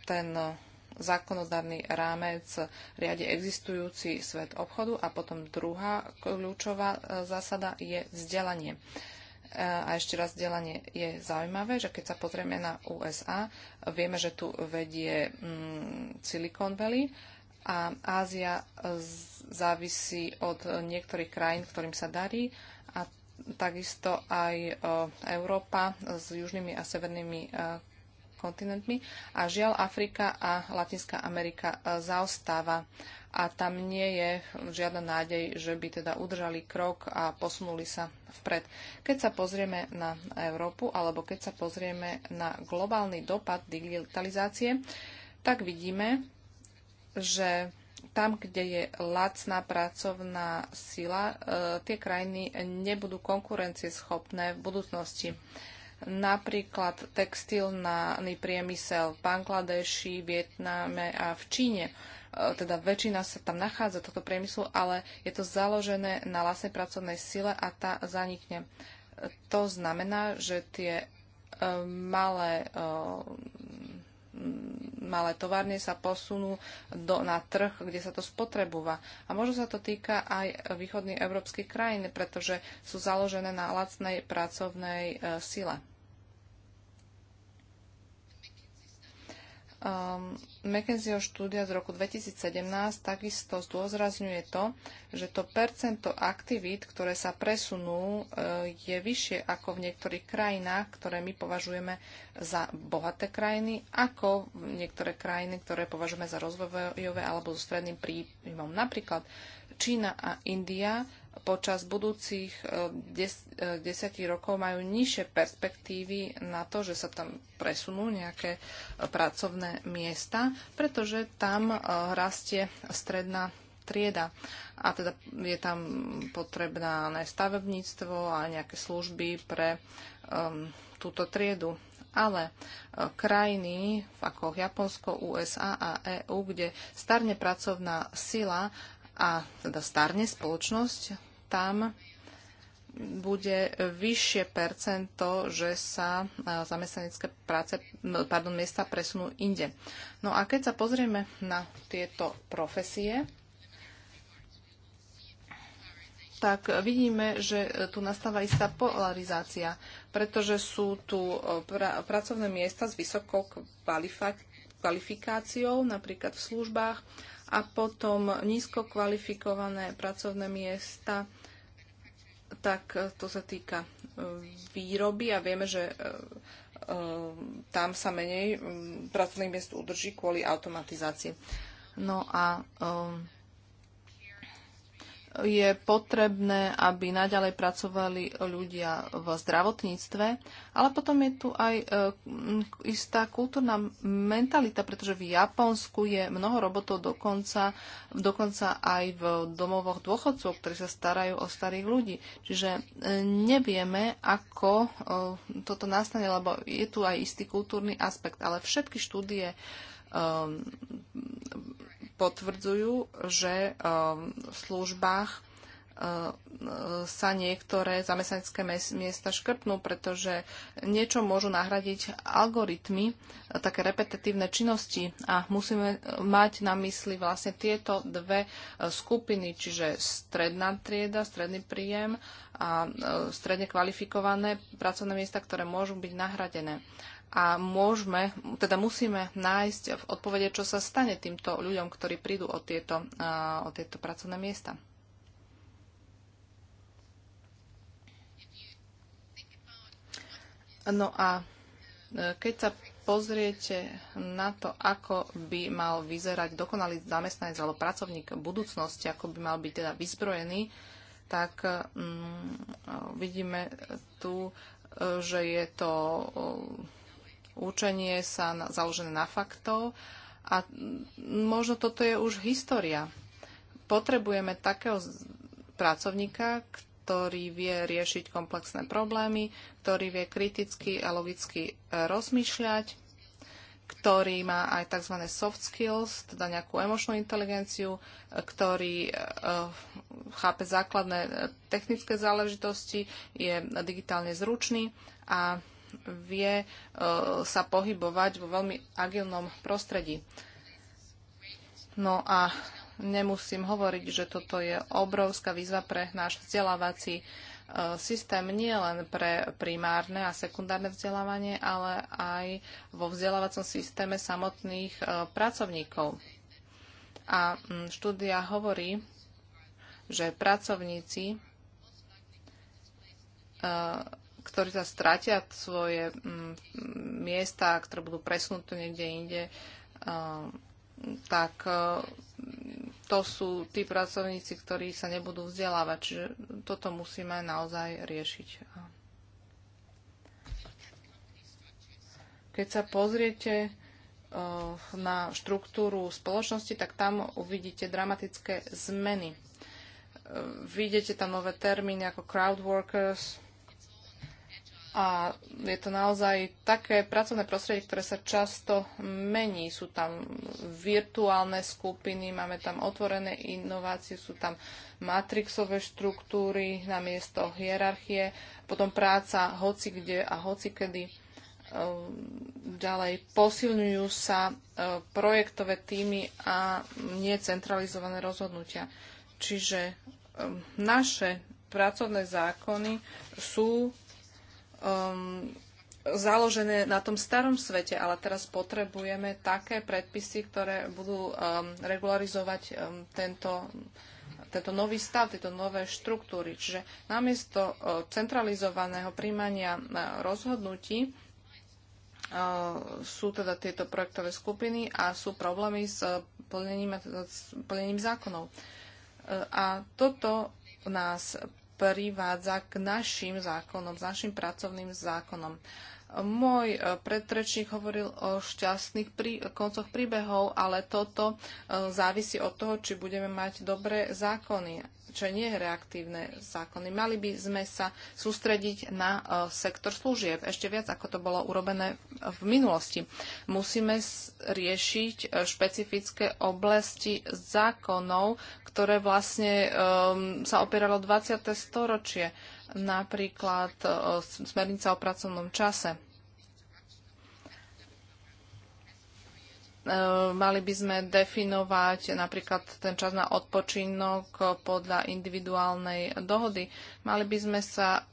ten zákonodárny rámec riade existujúci svet obchodu a potom druhá kľúčová e, zásada je vzdelanie. E, a ešte raz vzdelanie je zaujímavé, že keď sa pozrieme na USA, vieme, že tu vedie mm, Silicon Valley a Ázia závisí od niektorých krajín, ktorým sa darí a takisto aj e, Európa s južnými a severnými kontinentmi a žiaľ Afrika a Latinská Amerika e, zaostáva a tam nie je žiadna nádej, že by teda udržali krok a posunuli sa vpred. Keď sa pozrieme na Európu alebo keď sa pozrieme na globálny dopad digitalizácie, tak vidíme, že tam, kde je lacná pracovná sila, e, tie krajiny nebudú konkurencieschopné v budúcnosti napríklad textilný priemysel v Bangladeši, Vietname a v Číne. E, teda väčšina sa tam nachádza, toto priemyslu, ale je to založené na vlastnej pracovnej sile a tá zanikne. E, to znamená, že tie e, malé, malé továrne sa posunú do, na trh, kde sa to spotrebúva. A možno sa to týka aj východných európskych krajín, pretože sú založené na lacnej pracovnej sile. Um, štúdia z roku 2017 takisto zdôrazňuje to, že to percento aktivít, ktoré sa presunú, uh, je vyššie ako v niektorých krajinách, ktoré my považujeme za bohaté krajiny, ako niektoré krajiny, ktoré považujeme za rozvojové alebo so stredným príjmom. Napríklad Čína a India počas budúcich eh, des, eh, desiatich rokov majú nižšie perspektívy na to, že sa tam presunú nejaké eh, pracovné miesta, pretože tam rastie stredná trieda. A teda je tam potrebná aj stavebníctvo a nejaké služby pre um, túto triedu. Ale krajiny ako Japonsko, USA a EÚ, kde starne pracovná sila a teda starne spoločnosť, tam bude vyššie percento, že sa e, zamestnanecké práce, pardon, miesta presunú inde. No a keď sa pozrieme na tieto profesie, tak vidíme, že e, tu nastáva istá polarizácia, pretože sú tu e, pra- pracovné miesta s vysokou kvalifikáciou, napríklad v službách, a potom nízko kvalifikované pracovné miesta tak e, to sa týka e, výroby a vieme, že e, tam sa menej pracovných miest udrží kvôli automatizácii. No a um, je potrebné, aby naďalej pracovali ľudia v zdravotníctve, ale potom je tu aj e, istá kultúrna mentalita, pretože v Japonsku je mnoho robotov dokonca, dokonca aj v domovoch dôchodcov, ktorí sa starajú o starých ľudí. Čiže e, nevieme, ako e, toto nastane, lebo je tu aj istý kultúrny aspekt, ale všetky štúdie potvrdzujú, že um, v službách uh, sa niektoré zamestnanecké miesta škrtnú, pretože niečo môžu nahradiť algoritmy, uh, také repetitívne činnosti a musíme uh, mať na mysli vlastne tieto dve skupiny, čiže stredná trieda, stredný príjem a stredne kvalifikované pracovné miesta, ktoré môžu byť nahradené a môžeme, teda musíme nájsť v odpovede, čo sa stane týmto ľuďom, ktorí prídu o tieto, o tieto pracovné miesta. No a e, keď sa pozriete na to, ako by mal vyzerať dokonalý zamestnanec alebo pracovník budúcnosti, ako by mal byť teda vyzbrojený, tak mm, vidíme tu, e, že je to e, Učenie sa na, založené na faktov a možno toto je už história. Potrebujeme takého pracovníka, ktorý vie riešiť komplexné problémy, ktorý vie kriticky a logicky e, rozmýšľať, ktorý má aj tzv. soft skills, teda nejakú emočnú inteligenciu, e, ktorý e, chápe základné technické záležitosti, je digitálne zručný a vie e, sa pohybovať vo veľmi agilnom prostredí. No a nemusím hovoriť, že toto je obrovská výzva pre náš vzdelávací e, systém nie len pre primárne a sekundárne vzdelávanie, ale aj vo vzdelávacom systéme samotných e, pracovníkov. A štúdia hovorí, že pracovníci ktorí sa stratia svoje m, mm, miesta, ktoré budú presunuté niekde inde, um, tak um, to sú tí pracovníci, ktorí sa nebudú vzdelávať. Čiže toto musíme naozaj riešiť. Keď sa pozriete uh, na štruktúru spoločnosti, tak tam uvidíte dramatické zmeny. Uh, vidíte tam nové termíny ako crowd workers, a je to naozaj také pracovné prostredie, ktoré sa často mení. Sú tam virtuálne skupiny, máme tam otvorené inovácie, sú tam matrixové štruktúry na miesto hierarchie, potom práca hoci kde a hoci kedy. Ehm, ďalej posilňujú sa e, projektové týmy a necentralizované rozhodnutia. Čiže ehm, naše pracovné zákony sú um, založené na tom starom svete, ale teraz potrebujeme také predpisy, ktoré budú um, regularizovať um, tento, tento nový stav, tieto nové štruktúry. Čiže namiesto uh, centralizovaného príjmania uh, rozhodnutí uh, sú teda tieto projektové skupiny a sú problémy s uh, plnením, s plnením zákonov. Uh, a toto nás privádza k našim zákonom, s našim pracovným zákonom. Môj e, predrečník hovoril o šťastných prí, koncoch príbehov, ale toto e, závisí od toho, či budeme mať dobré zákony čo nie je reaktívne zákony. Mali by sme sa sústrediť na e, sektor služieb ešte viac, ako to bolo urobené v minulosti. Musíme riešiť e, špecifické oblasti zákonov, ktoré vlastne ehm, sa opieralo 20. storočie, napríklad e, smernica o pracovnom čase. E, mali by sme definovať napríklad ten čas na odpočinok podľa individuálnej dohody. Mali by sme sa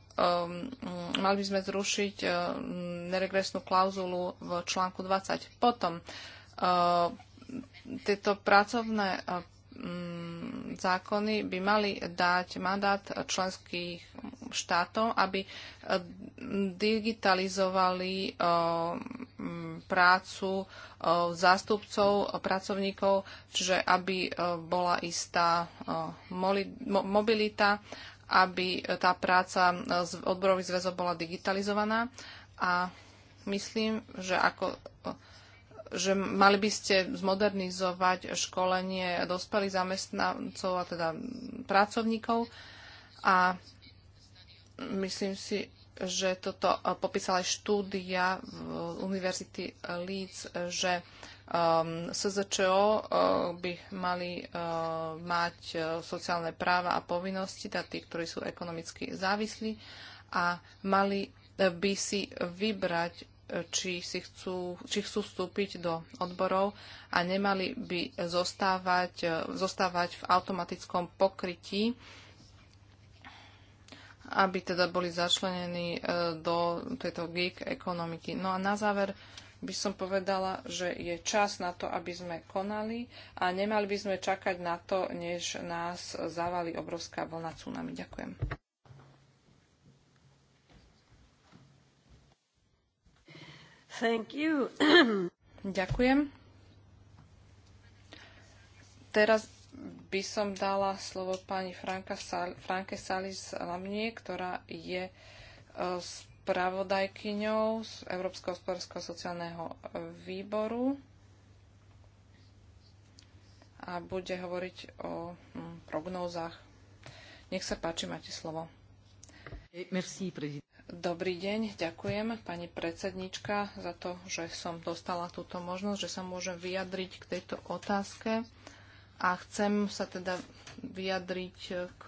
mali by sme zrušiť e, neregresnú klauzulu v článku 20. Potom e, tieto pracovné Mm, zákony by mali dať mandát členských štátov, aby eh, digitalizovali eh, mm, prácu eh, zástupcov, pracovníkov, čiže aby bola istá mobilita, aby tá práca z odborových zväzov bola digitalizovaná. A myslím, že ako že mali by ste zmodernizovať školenie dospelých zamestnancov a teda pracovníkov a myslím si, že toto eh, popísala aj štúdia v Univerzity Leeds, že um, ehm, SZČO uh, eh, by mali uh, mať uh, sociálne práva a povinnosti, teda tí, ktorí sú ekonomicky závislí a mali by si vybrať či, si chcú, či chcú vstúpiť do odborov a nemali by zostávať, zostávať v automatickom pokrytí, aby teda boli začlenení e, do tejto geek ekonomiky. No a na záver by som povedala, že je čas na to, aby sme konali a nemali by sme čakať na to, než nás zavali obrovská vlna tsunami. Ďakujem. Thank you. Ďakujem. Teraz by som dala slovo pani Franka Sal- Franke Salis Lamnie, ktorá je e, spravodajkyňou z Európskeho hospodárskeho sociálneho e, výboru a bude hovoriť o hm, prognózach. Nech sa páči, máte slovo. Merci, prezident. Dobrý deň, ďakujem pani predsednička za to, že som dostala túto možnosť, že sa môžem vyjadriť k tejto otázke a chcem sa teda vyjadriť k,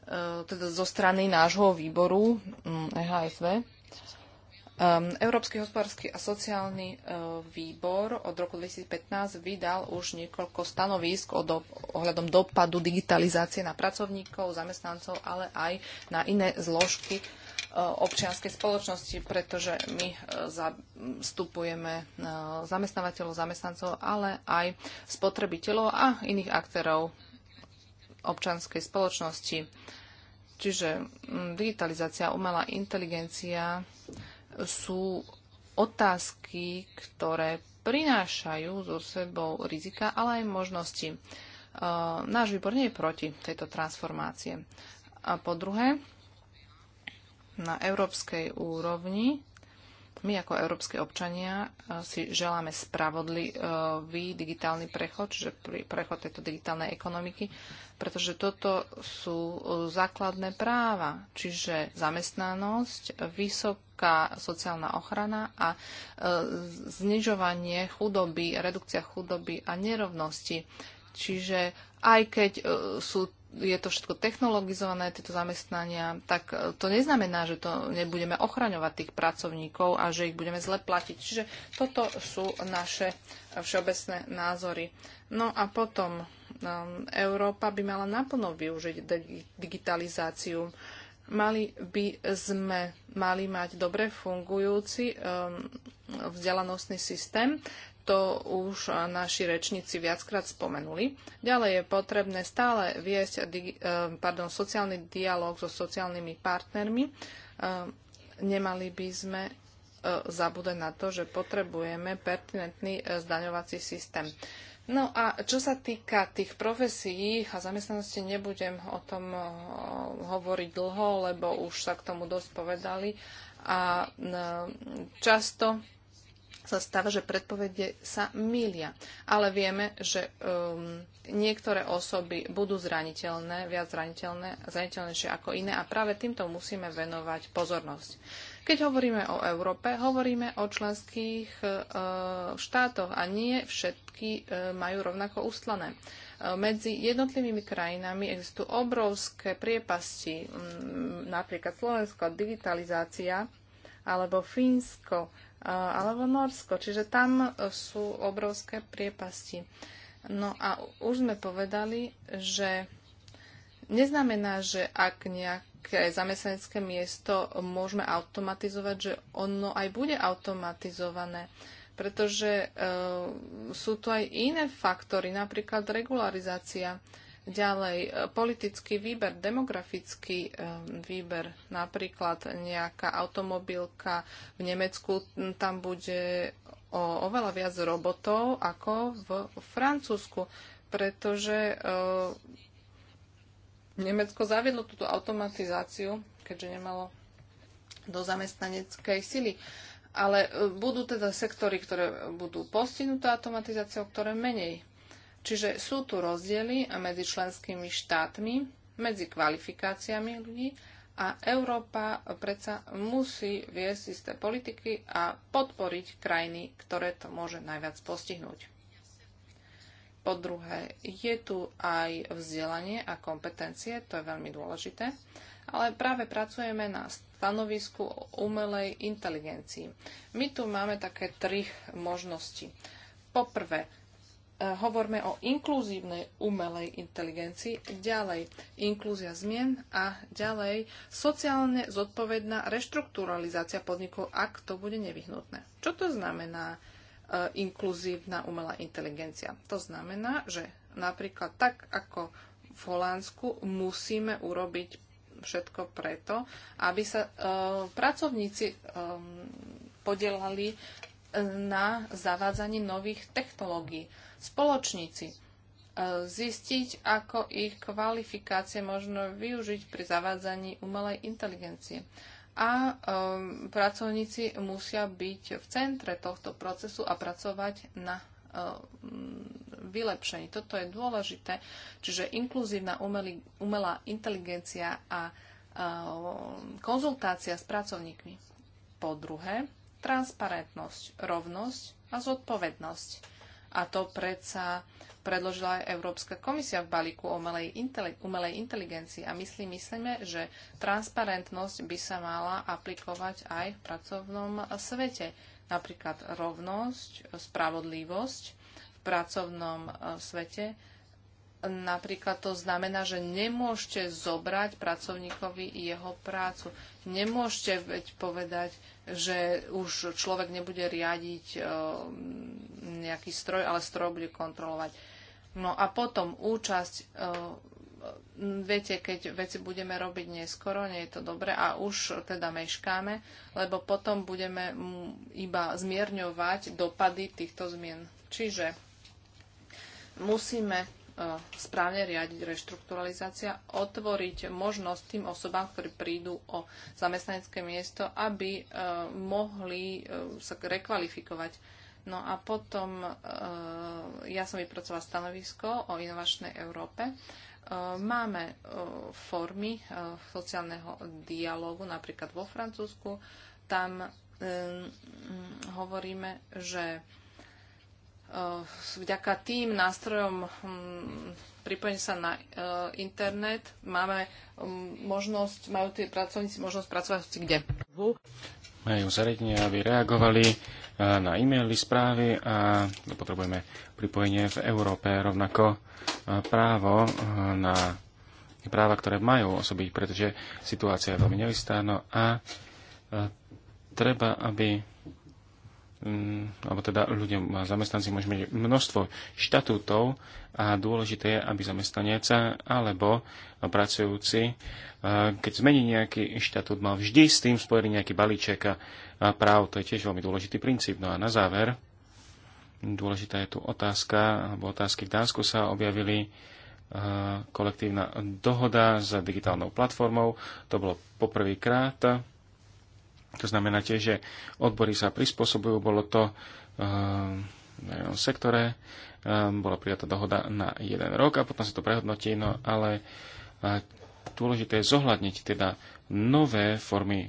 e, teda zo strany nášho výboru mm, EHSV. E, Európsky hospodársky a sociálny e, výbor od roku 2015 vydal už niekoľko stanovísk o do, ohľadom dopadu digitalizácie na pracovníkov, zamestnancov, ale aj na iné zložky Eh, občianskej spoločnosti, pretože my eh, zastupujeme eh, zamestnávateľov, zamestnancov, ale aj spotrebiteľov a iných aktérov občianskej spoločnosti. Čiže mm, digitalizácia, umelá inteligencia sú otázky, ktoré prinášajú so sebou rizika, ale aj možnosti. Náš výbor nie je proti tejto transformácie. A po druhé, na európskej úrovni my ako európske občania e, si želáme spravodlivý e, digitálny prechod, čiže prechod tejto digitálnej ekonomiky, pretože toto sú e, základné práva, čiže zamestnanosť, vysoká sociálna ochrana a znižovanie chudoby, redukcia chudoby a nerovnosti. Čiže aj keď e, sú, je to všetko technologizované, tieto zamestnania, tak e, to neznamená, že to nebudeme ochraňovať tých pracovníkov a že ich budeme zle platiť. Čiže toto sú naše e, všeobecné názory. No a potom Európa by mala naplno využiť digitalizáciu. Mali by sme mali mať dobre fungujúci vzdelanostný systém, to už naši rečníci viackrát spomenuli. Ďalej je potrebné stále viesť eh, pardon, sociálny dialog so sociálnymi partnermi. Eh, nemali by sme eh, zabúdať na to, že potrebujeme pertinentný zdaňovací systém. No a čo sa týka tých profesí a zamestnanosti, nebudem o tom hovoriť dlho, lebo už sa k tomu dosť povedali. A často sa stáva, že predpovede sa milia. Ale vieme, že um, niektoré osoby budú zraniteľné, viac zraniteľné, zraniteľnejšie ako iné a práve týmto musíme venovať pozornosť. Keď hovoríme o Európe, hovoríme o členských uh, štátoch a nie všetky uh, majú rovnako ustlané. E, medzi jednotlivými krajinami existujú obrovské priepasti, napríklad Slovensko, digitalizácia alebo Fínsko, alebo Norsko. Čiže tam e, sú obrovské priepasti. No a už sme povedali, že neznamená, že ak nejaké zamestnanecké miesto môžeme automatizovať, že ono aj bude automatizované pretože e, sú tu aj iné faktory, napríklad regularizácia. E, Ďalej, e, politický výber, demografický e, výber, napríklad nejaká automobilka v Nemecku, tam bude o oveľa viac robotov ako v Francúzsku, pretože e, Nemecko zaviedlo túto automatizáciu, keďže nemalo do zamestnaneckej sily. Ale budú teda sektory, ktoré budú postihnuté automatizáciou, ktoré menej. Čiže sú tu rozdiely medzi členskými štátmi, medzi kvalifikáciami ľudí a Európa predsa musí viesť isté politiky a podporiť krajiny, ktoré to môže najviac postihnúť. Po druhé, je tu aj vzdelanie a kompetencie, to je veľmi dôležité, ale práve pracujeme na stanovisku o umelej inteligencii. My tu máme také tri možnosti. Poprvé, Eh, hovorme o inkluzívnej umelej inteligencii, ďalej inklúzia zmien a ďalej sociálne zodpovedná reštrukturalizácia podnikov, ak to bude nevyhnutné. Čo to znamená e, inkluzívna umelá inteligencia? To znamená, že napríklad tak ako v Holandsku musíme urobiť všetko preto, aby sa e, pracovníci e, podielali na zavádzanie nových technológií. Spoločníci e, zistiť, ako ich kvalifikácie možno využiť pri zavádzaní umelej inteligencie. A um, pracovníci musia byť v centre tohto procesu a pracovať na um, vylepšení. Toto je dôležité, čiže inkluzívna umelý, umelá inteligencia a um, konzultácia s pracovníkmi. Po druhé, transparentnosť, rovnosť a zodpovednosť. A to predsa predložila aj Európska komisia v balíku o umelej, inteli- umelej inteligencii a myslí, myslíme, že transparentnosť by sa mala aplikovať aj v pracovnom svete. Napríklad rovnosť, spravodlivosť v pracovnom e, svete Napríklad to znamená, že nemôžete zobrať pracovníkovi jeho prácu. Nemôžete veď povedať, že už človek nebude riadiť eh, nejaký stroj, ale stroj bude kontrolovať. No a potom účasť, eh, viete, keď veci budeme robiť neskoro, nie je to dobre a už teda meškáme, lebo potom budeme iba zmierňovať dopady týchto zmien. Čiže musíme E, správne riadiť reštrukturalizácia, otvoriť možnosť tým osobám, ktorí prídu o zamestnanecké miesto, aby e, mohli e, sa rekvalifikovať. No a potom ja som vypracovala stanovisko o inovačnej Európe. Máme formy sociálneho dialógu, napríklad vo Francúzsku. Tam hovoríme, že Eh, vďaka tým nástrojom hm, pripojenia sa na eh, internet máme hm, možnosť, majú tie pracovníci možnosť pracovať si kde. Majú zariadenia, aby reagovali eh, na e-maily, správy a potrebujeme pripojenie v Európe rovnako právo na práva, ktoré majú osoby, pretože situácia je veľmi neistá. No a treba, aby Mm, alebo teda ľuďom, zamestnanci môžeme mať množstvo štatútov a dôležité je, aby zamestnanec alebo pracujúci, e, keď zmení nejaký štatút, mal vždy s tým spojený nejaký balíček a práv. To je tiež veľmi dôležitý princíp. No a na záver, dôležitá je tu otázka, alebo otázky v Dánsku sa objavili, e, kolektívna dohoda s digitálnou platformou. To bolo poprvýkrát to znamená tiež, že odbory sa prispôsobujú, bolo to eh, v sektore, eh, bola prijatá dohoda na jeden rok a potom sa to prehodnotí, no ale eh, dôležité je zohľadniť teda nové formy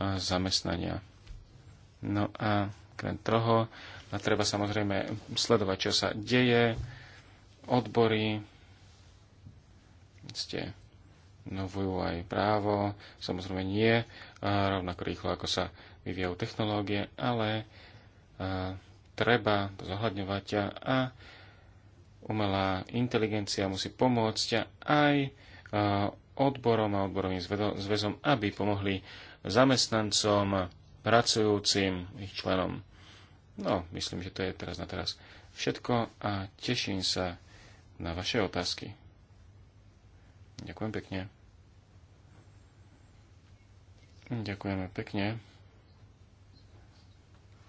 zamestnania. No a krem toho, a treba samozrejme sledovať, čo sa deje, odbory, ste novujú aj právo, samozrejme nie rovnako rýchlo, ako sa vyvíjajú technológie, ale treba zohľadňovať a umelá inteligencia musí pomôcť aj odborom a odborovým zväzom, aby pomohli zamestnancom, pracujúcim, ich členom. No, myslím, že to je teraz na teraz všetko a teším sa na vaše otázky. Ďakujem pekne. Ďakujeme pekne.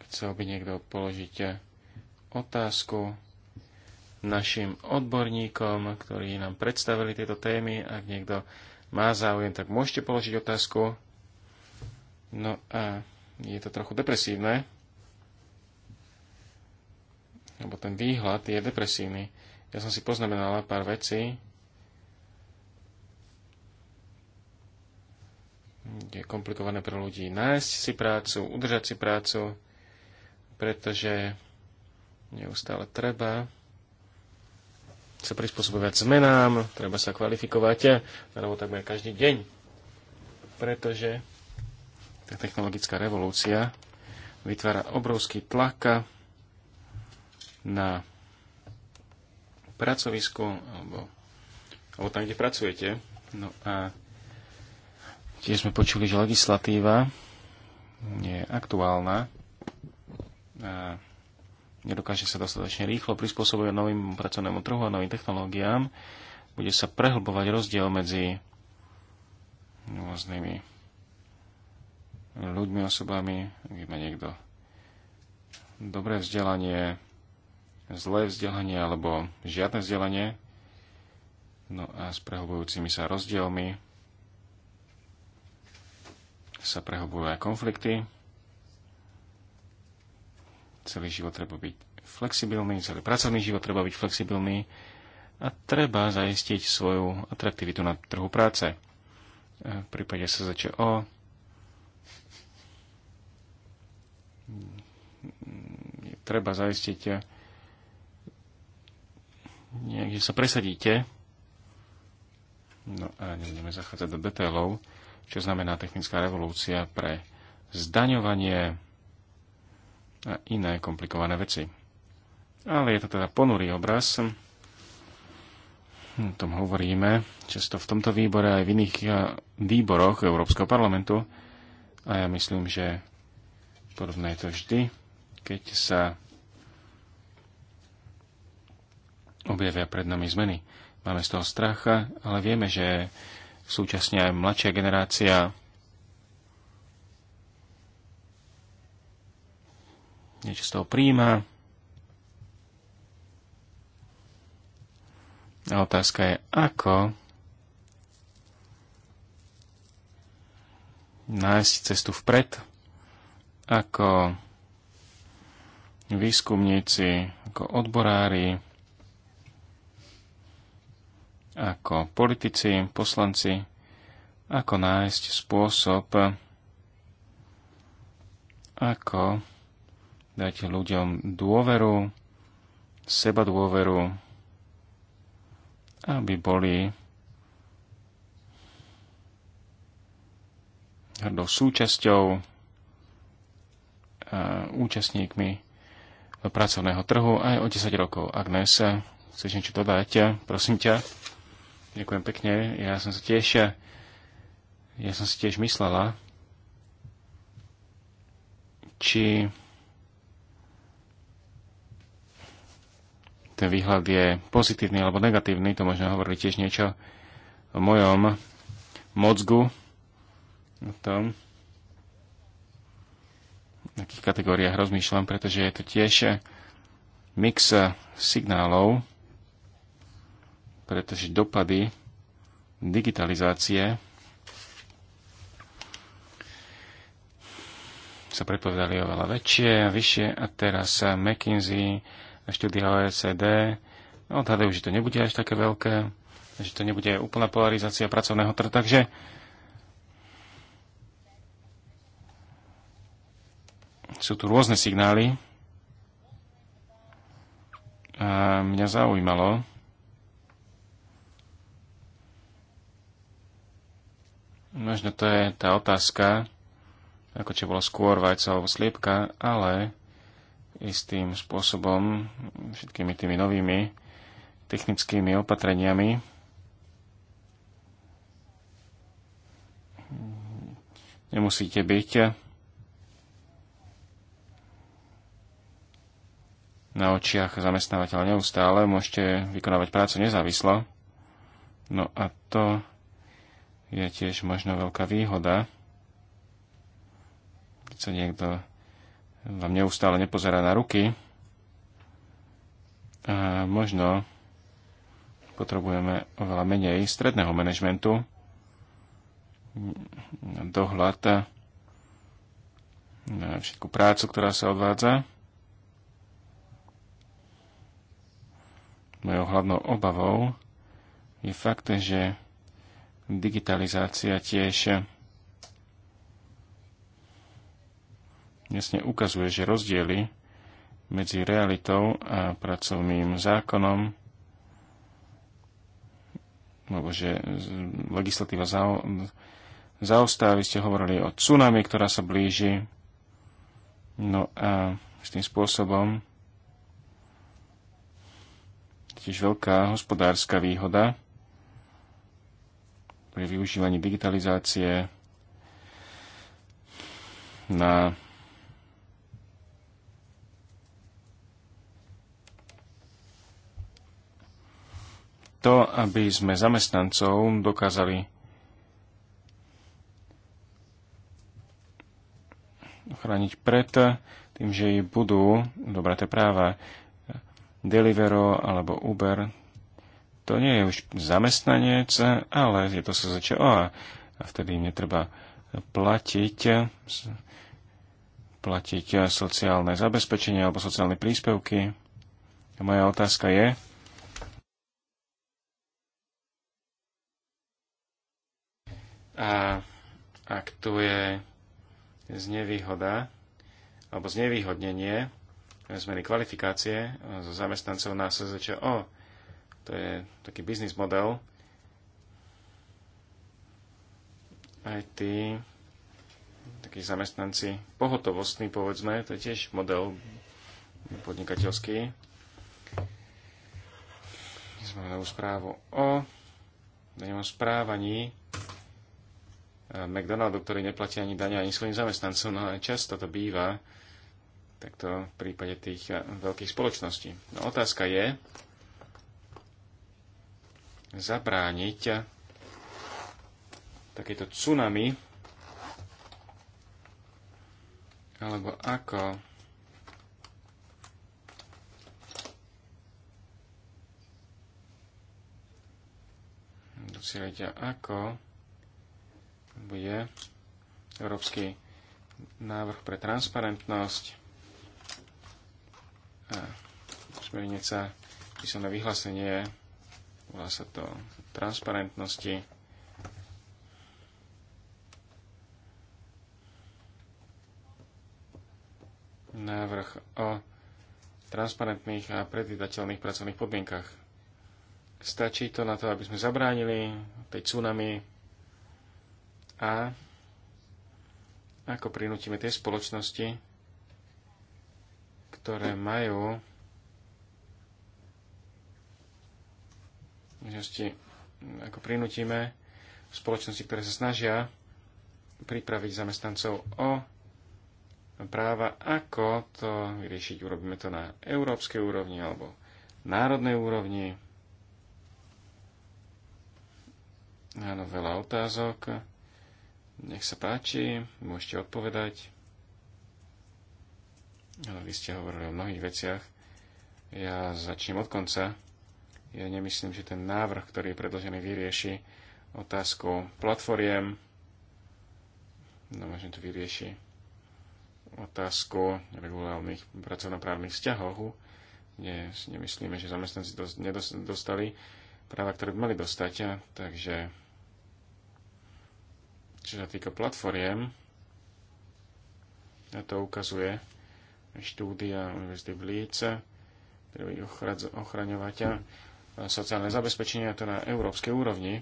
Chcel by niekto položiť otázku našim odborníkom, ktorí nám predstavili tieto témy. Ak niekto má záujem, tak môžete položiť otázku. No a je to trochu depresívne, lebo ten výhľad je depresívny. Ja som si poznamenala pár vecí, je komplikované pre ľudí nájsť si prácu, udržať si prácu, pretože neustále treba sa prispôsobovať zmenám, treba sa kvalifikovať, alebo takmer každý deň, pretože tá technologická revolúcia vytvára obrovský tlak na pracovisku alebo, alebo tam, kde pracujete. No a Tiež sme počuli, že legislatíva je aktuálna a nedokáže sa dostatočne rýchlo prispôsobovať novým pracovnému trhu a novým technológiám. Bude sa prehlbovať rozdiel medzi rôznymi ľuďmi, osobami. Ak má niekto dobré vzdelanie, zlé vzdelanie alebo žiadne vzdelanie, no a s prehlbujúcimi sa rozdielmi sa prehobujú aj konflikty. Celý život treba byť flexibilný, celý pracovný život treba byť flexibilný a treba zaistiť svoju atraktivitu na trhu práce. E, v prípade SZČO mm, treba zaistiť e, nejak, že sa presadíte. No a nebudeme zachádzať do detailov čo znamená technická revolúcia pre zdaňovanie a iné komplikované veci. Ale je to teda ponurý obraz. O tom hovoríme často v tomto výbore aj v iných e, výboroch Európskeho parlamentu. A ja myslím, že podobné je to vždy, keď sa objavia pred nami zmeny. Máme z toho stracha, ale vieme, že súčasne aj mladšia generácia niečo z toho príjima. A otázka je, ako nájsť cestu vpred, ako výskumníci, ako odborári, ako politici, poslanci, ako nájsť spôsob, ako dať ľuďom dôveru, seba dôveru, aby boli hrdou súčasťou a účastníkmi pracovného trhu aj o 10 rokov. Agnes, chceš niečo dodať? Prosím ťa. Ďakujem pekne. Ja som sa tiež, ja som si tiež myslela, či ten výhľad je pozitívny alebo negatívny, to možno hovorí tiež niečo o mojom mozgu, o tom, v akých kategóriách rozmýšľam, pretože je to tiež mix signálov, pretože dopady digitalizácie sa predpovedali oveľa väčšie a vyššie a teraz McKinsey a štúdia OECD odhadajú, že to nebude až také veľké, že to nebude úplná polarizácia pracovného trhu, takže sú tu rôzne signály. A mňa zaujímalo, Možno to je tá otázka, ako či bolo skôr vajca alebo sliepka, ale istým spôsobom, všetkými tými novými technickými opatreniami, nemusíte byť na očiach zamestnávateľa neustále, môžete vykonávať prácu nezávislo. No a to je tiež možno veľká výhoda, keď sa niekto vám neustále nepozerá na ruky. A možno potrebujeme oveľa menej stredného manažmentu, dohľad na všetku prácu, ktorá sa odvádza. Mojou hlavnou obavou je fakt, že digitalizácia tiež jasne ukazuje, že rozdiely medzi realitou a pracovným zákonom alebo že legislatíva zao, zaostáva, ste hovorili o tsunami, ktorá sa blíži. No a s tým spôsobom tiež veľká hospodárska výhoda pri využívaní digitalizácie na to, aby sme zamestnancov dokázali chrániť pred tým, že budú dobraté práva Delivero alebo Uber to nie je už zamestnanec, ale je to sa a, a vtedy im netreba platiť, platiť sociálne zabezpečenie alebo sociálne príspevky. A moja otázka je, a ak tu je znevýhoda alebo znevýhodnenie zmeny kvalifikácie zo zamestnancov na SZČO, to je taký biznis model. Aj tí takí zamestnanci pohotovostní, povedzme, to je tiež model podnikateľský. máme novú správu o daňovom správaní McDonaldu, ktorý neplatí ani dania ani svojim zamestnancom, no aj často to býva takto v prípade tých veľkých spoločností. No otázka je, zabrániť takéto tsunami, alebo ako dosiahnuť ako bude európsky návrh pre transparentnosť a smernica písané vyhlásenie volá sa to transparentnosti. Návrh o transparentných a predvydateľných pracovných podmienkach. Stačí to na to, aby sme zabránili tej tsunami a ako prinútime tie spoločnosti, ktoré majú možnosti ako prinútime spoločnosti, ktoré sa snažia pripraviť zamestnancov o práva, ako to vyriešiť. Urobíme to na európskej úrovni alebo národnej úrovni. Áno, veľa otázok. Nech sa páči, môžete odpovedať. Ale vy ste hovorili o mnohých veciach. Ja začnem od konca. Ja nemyslím, že ten návrh, ktorý je predložený, vyrieši otázku platformiem. No možno to vyrieši otázku regulárnych pracovnoprávnych vzťahov, kde si nemyslíme, že zamestnanci dostali práva, ktoré by mali dostať. takže čo sa týka platformiem, na to ukazuje štúdia Univerzity v Líce, ktoré ochraňovať sociálne zabezpečenie, to na európskej úrovni,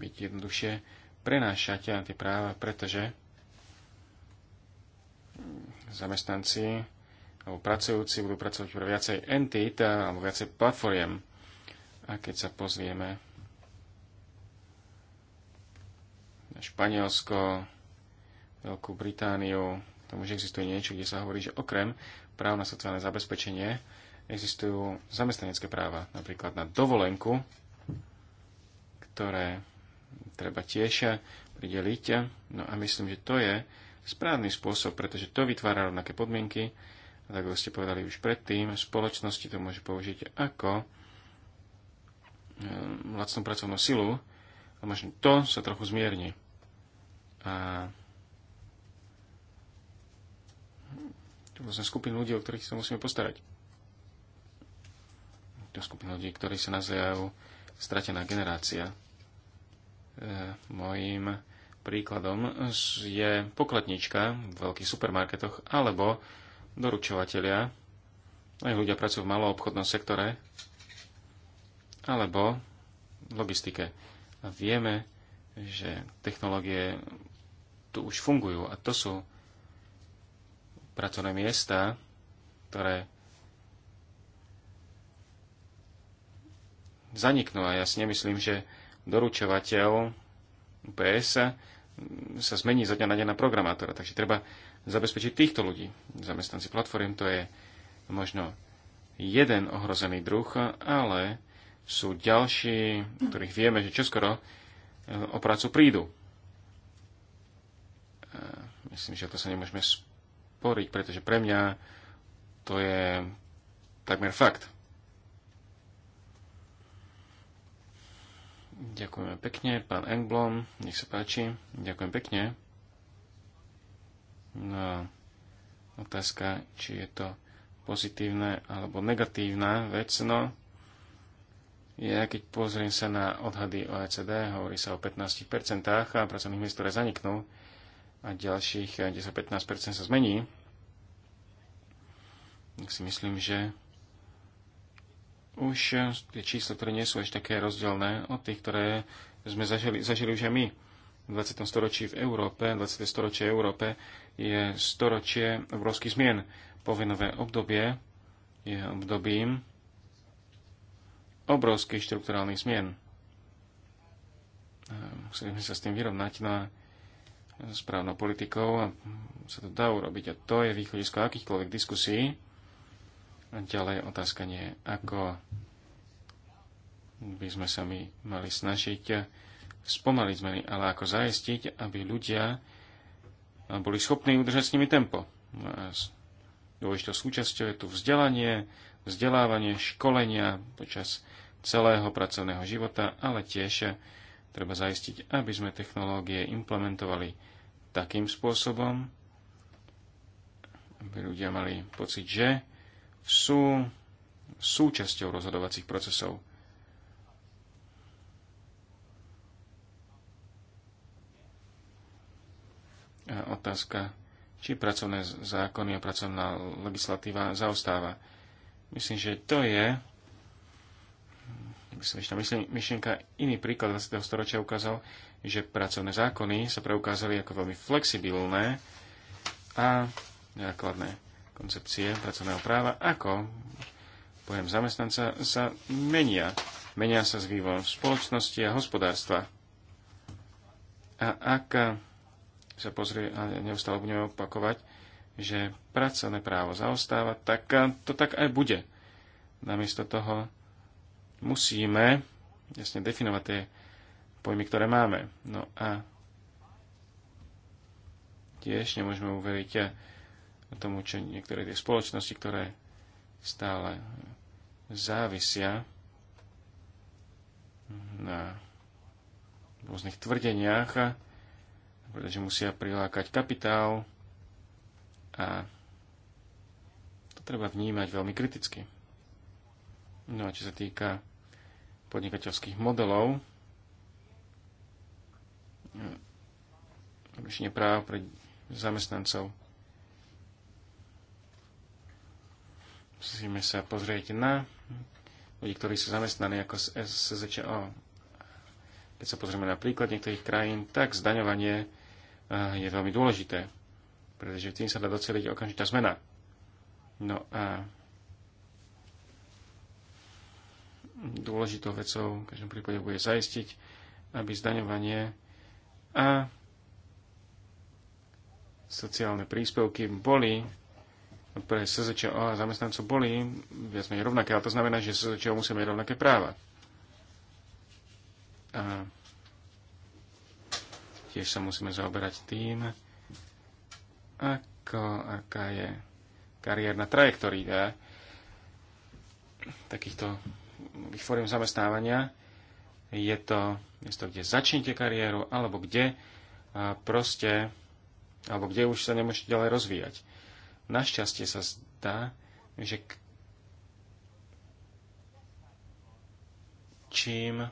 byť jednoduchšie prenášať tie práva, pretože zamestnanci alebo pracujúci budú pracovať pre viacej entít alebo viacej platformiem. A keď sa pozrieme na Španielsko, Veľkú Britániu, tam už existuje niečo, kde sa hovorí, že okrem práv na sociálne zabezpečenie existujú zamestnanecké práva, napríklad na dovolenku, ktoré treba tiež prideliť. No a myslím, že to je správny spôsob, pretože to vytvára rovnaké podmienky. A tak, ako ste povedali už predtým, spoločnosti to môže použiť ako ehm, lacnú pracovnú silu a možno to sa trochu zmierni. A rôzne skupiny ľudí, o ktorých sa musíme postarať. To skupina ľudí, ktorí sa nazývajú stratená generácia. E, mojím príkladom je pokladnička v veľkých supermarketoch alebo doručovateľia. Aj ľudia pracujú v maloobchodnom sektore alebo logistike. A vieme, že technológie tu už fungujú a to sú pracovné miesta, ktoré zaniknú. A ja si nemyslím, že doručovateľ UPS sa zmení za dňa na deň na programátora. Takže treba zabezpečiť týchto ľudí. Zamestnanci platform to je možno jeden ohrozený druh, ale sú ďalší, ktorých vieme, že čoskoro eh, o prácu prídu. Eh, myslím, že to sa nemôžeme podporiť, pretože pre mňa to je takmer fakt. Ďakujeme pekne, pán Engblom, nech sa páči. Ďakujem pekne. No, otázka, či je to pozitívna alebo negatívna vec, no ja keď pozriem sa na odhady OECD, hovorí sa o 15% a pracovných miest, ktoré zaniknú, a ďalších 10-15% eh, sa zmení, tak si myslím, že už eh, tie čísla, ktoré nie sú ešte také rozdielne od tých, ktoré sme zažili, zažili už aj my v 20. storočí v Európe, 20. storočie Európe, je storočie obrovských zmien. Povinové obdobie je obdobím obrovských štruktúrálnych zmien. Ehm, musíme sa s tým vyrovnať. No a správnou politikou a sa to dá urobiť. A to je východisko akýchkoľvek diskusí. A ďalej otázka nie, ako by sme sa my mali snažiť spomaliť zmeny, ale ako zaistiť, aby ľudia boli schopní udržať s nimi tempo. dôležitou súčasťou je tu vzdelanie, vzdelávanie, školenia počas celého pracovného života, ale tiež treba zaistiť, aby sme technológie implementovali takým spôsobom, aby ľudia mali pocit, že sú súčasťou rozhodovacích procesov. A otázka, či pracovné zákony a pracovná legislatíva zaostáva. Myslím, že to je myslím, myšlienka. Iný príklad 20. storočia ukázal, že pracovné zákony sa preukázali ako veľmi flexibilné a základné koncepcie pracovného práva, ako pojem zamestnanca sa menia. Menia sa s vývojom spoločnosti a hospodárstva. A ak sa pozrie a neustále budeme opakovať, že pracovné právo zaostáva, tak to tak aj bude. Namiesto toho musíme jasne definovať tie pojmy, ktoré máme. No a tiež nemôžeme uveriť tomu, čo niektoré tie spoločnosti, ktoré stále závisia na rôznych tvrdeniach, pretože musia prilákať kapitál a to treba vnímať veľmi kriticky. No a čo sa týka podnikateľských modelov, porušenie práv pre zamestnancov. Musíme sa pozrieť na ľudí, ktorí sú zamestnaní ako SZČO. Keď sa pozrieme na príklad niektorých krajín, tak zdaňovanie eh, je veľmi dôležité, pretože tým sa dá doceliť okamžitá zmena. No a dôležitou vecou v každom prípade bude zaistiť, aby zdaňovanie a sociálne príspevky boli pre SZČO a zamestnancov boli viac menej rovnaké, ale to znamená, že SZČO musí mať rovnaké práva. A tiež sa musíme zaoberať tým, ako, aká je kariérna trajektória takýchto fóriem zamestnávania je to miesto, kde začnete kariéru, alebo kde proste, alebo kde už sa nemôžete ďalej rozvíjať. Našťastie sa zdá, že čím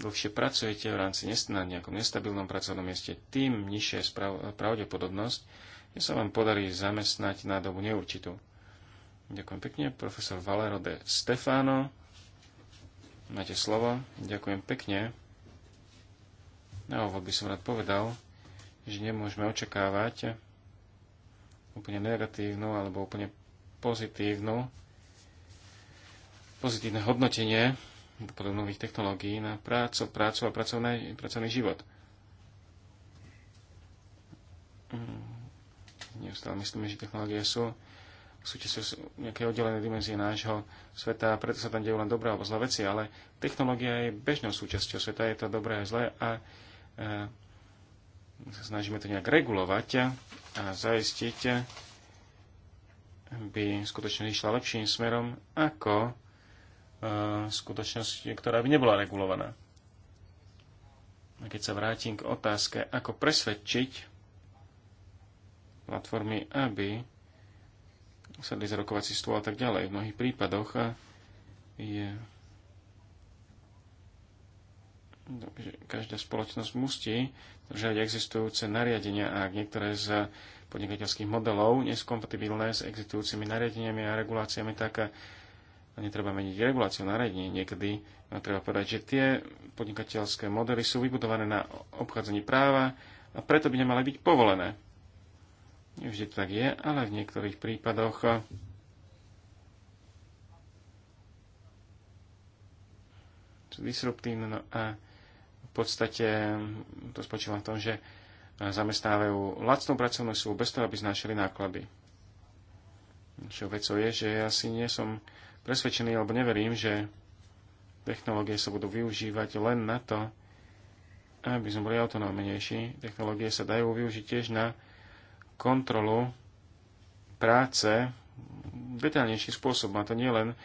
dlhšie pracujete v rámci na nejakom nestabilnom pracovnom mieste, tým nižšia je pravdepodobnosť, že sa vám podarí zamestnať na dobu neurčitú. Ďakujem pekne. Profesor Valero de Stefano. Máte slovo. Ďakujem pekne. Na no, by som rád povedal, že nemôžeme očakávať úplne negatívnu alebo úplne pozitívnu pozitívne hodnotenie podobných nových technológií na prácu, prácu a pracovné, pracovný život. Mm, Neustále myslíme, že technológie sú sú tiež nejaké oddelené dimenzie nášho sveta preto sa tam dejú len dobré alebo zlé veci, ale technológia je bežnou súčasťou sveta, je to dobré a zlé a e, snažíme to nejak regulovať a zaistiť, by skutočne išla lepším smerom ako e, skutočnosť, ktorá by nebola regulovaná. A keď sa vrátim k otázke, ako presvedčiť platformy, aby sadli za rokovací stôl a tak ďalej. V mnohých prípadoch eh, je každá spoločnosť musí držať existujúce nariadenia a ak niektoré z podnikateľských modelov nie sú kompatibilné s existujúcimi nariadeniami a reguláciami, tak a eh, netreba meniť reguláciu nariadenie. Niekedy treba povedať, že tie podnikateľské modely sú vybudované na obchádzanie práva a preto by nemali byť povolené. Vždy to tak je, ale v niektorých prípadoch eh, sú disruptívne no a v podstate mm, to spočíva v tom, že eh, zamestnávajú lacnú pracovnú silu bez toho, aby znášali náklady. Čo vecou je, že ja si nie som presvedčený alebo neverím, že technológie sa budú využívať len na to, aby sme boli autonómnejší. Technológie sa dajú využiť tiež na kontrolu práce detaľnejším spôsob. A to nie len e,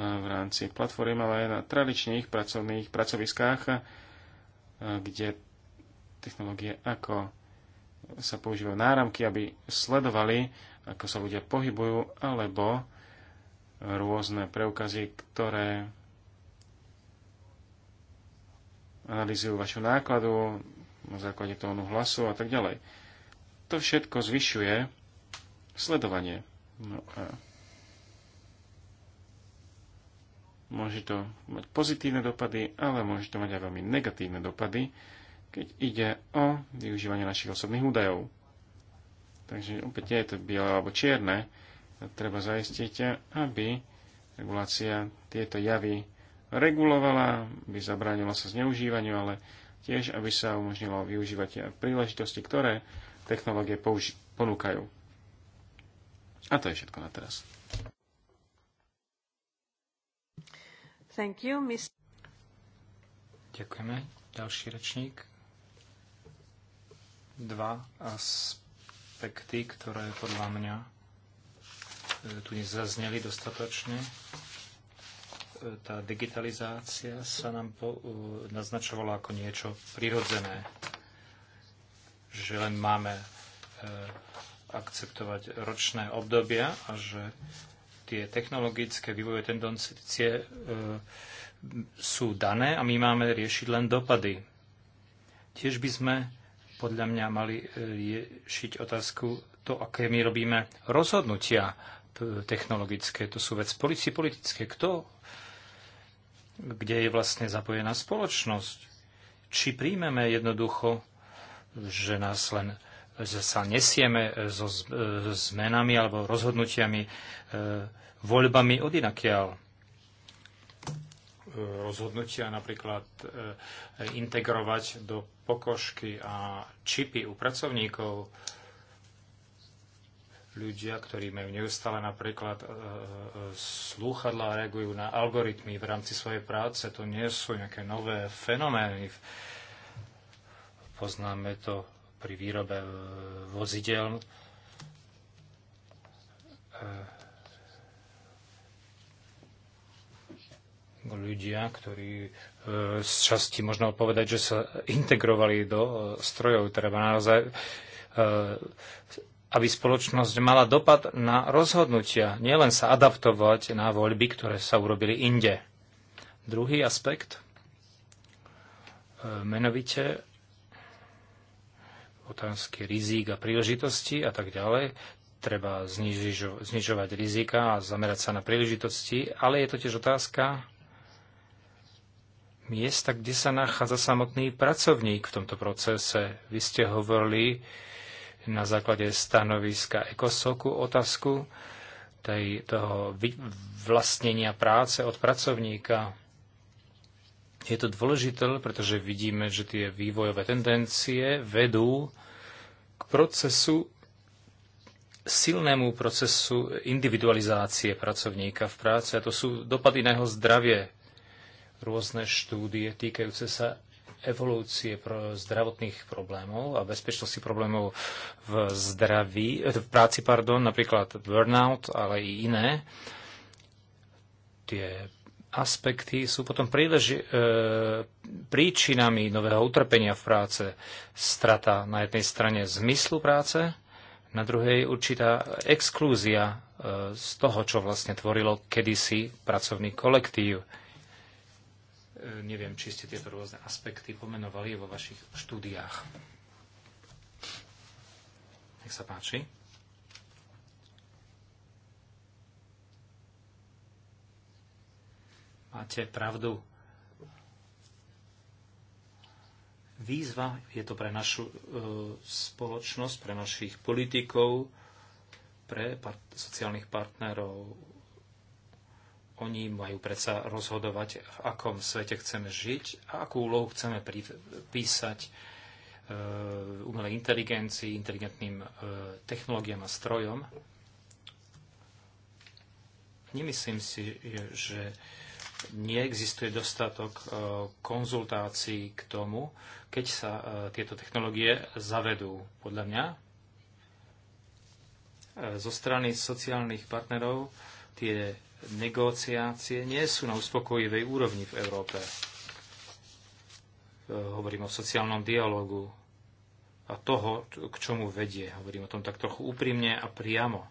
v rámci platform, ale aj na tradičných pracovných pracoviskách, e, kde technológie ako sa používajú náramky, aby sledovali, ako sa ľudia pohybujú, alebo rôzne preukazy, ktoré analýzujú vašu nákladu na základe tónu hlasu a tak ďalej to všetko zvyšuje sledovanie. No a môže to mať pozitívne dopady, ale môže to mať aj veľmi negatívne dopady, keď ide o využívanie našich osobných údajov. Takže opäť nie je to biele alebo čierne. Treba zaistiť, aby regulácia tieto javy regulovala, aby zabránila sa zneužívaniu, ale tiež, aby sa umožnilo využívať príležitosti, ktoré technológie ponúkajú. A to je všetko na teraz. Thank you, Ms. Ďakujeme. Ďalší rečník. Dva aspekty, ktoré podľa mňa e, tu nezazneli dostatočne. E, tá digitalizácia sa nám e, naznačovala ako niečo prirodzené že len máme e, akceptovať ročné obdobia a že tie technologické vývoje tendencie e, sú dané a my máme riešiť len dopady. Tiež by sme podľa mňa mali e, riešiť otázku to, aké my robíme rozhodnutia technologické. To sú vec policie politické. Kto, kde je vlastne zapojená spoločnosť? Či príjmeme jednoducho že nás len že sa nesieme e, so e, zmenami alebo rozhodnutiami, e, voľbami od inakiaľ. Rozhodnutia napríklad integrovať do pokožky a čipy u pracovníkov ľudia, ktorí majú neustále napríklad slúchadlá, reagujú na algoritmy v rámci svojej práce. To nie sú nejaké nové fenomény Poznáme to pri výrobe e, vozidel. E, ľudia, ktorí e, z časti možno povedať, že sa integrovali do strojov, treba naozaj aby spoločnosť mala dopad na rozhodnutia, nielen sa adaptovať na voľby, ktoré sa urobili inde. Druhý aspekt, menovite otázky rizík a príležitosti a tak ďalej. Treba znižo, znižovať rizika a zamerať sa na príležitosti, ale je to tiež otázka miesta, kde sa nachádza samotný pracovník v tomto procese. Vy ste hovorili na základe stanoviska ECOSOKu otázku tej, toho vlastnenia práce od pracovníka je to dôležité, pretože vidíme, že tie vývojové tendencie vedú k procesu, silnému procesu individualizácie pracovníka v práci. A to sú dopady na jeho zdravie. Rôzne štúdie týkajúce sa evolúcie pro zdravotných problémov a bezpečnosti problémov v zdraví, v práci, pardon, napríklad burnout, ale i iné. Tie aspekty sú potom prílež, e, príčinami nového utrpenia v práce. Strata na jednej strane zmyslu práce, na druhej určitá exklúzia e, z toho, čo vlastne tvorilo kedysi pracovný kolektív. E, neviem, či ste tieto rôzne aspekty pomenovali vo vašich štúdiách. Nech sa páči. Máte pravdu. Výzva je to pre našu e, spoločnosť, pre našich politikov, pre part- sociálnych partnerov. Oni majú predsa rozhodovať, v akom svete chceme žiť a akú úlohu chceme písať e, umelej inteligencii, inteligentným e, technológiám a strojom. Nemyslím si, že neexistuje dostatok e, konzultácií k tomu, keď sa e, tieto technológie zavedú. Podľa mňa e, zo strany sociálnych partnerov tie negociácie nie sú na uspokojivej úrovni v Európe. Hovorím o sociálnom dialogu a toho, k čomu vedie. Hovorím o tom tak trochu úprimne a priamo.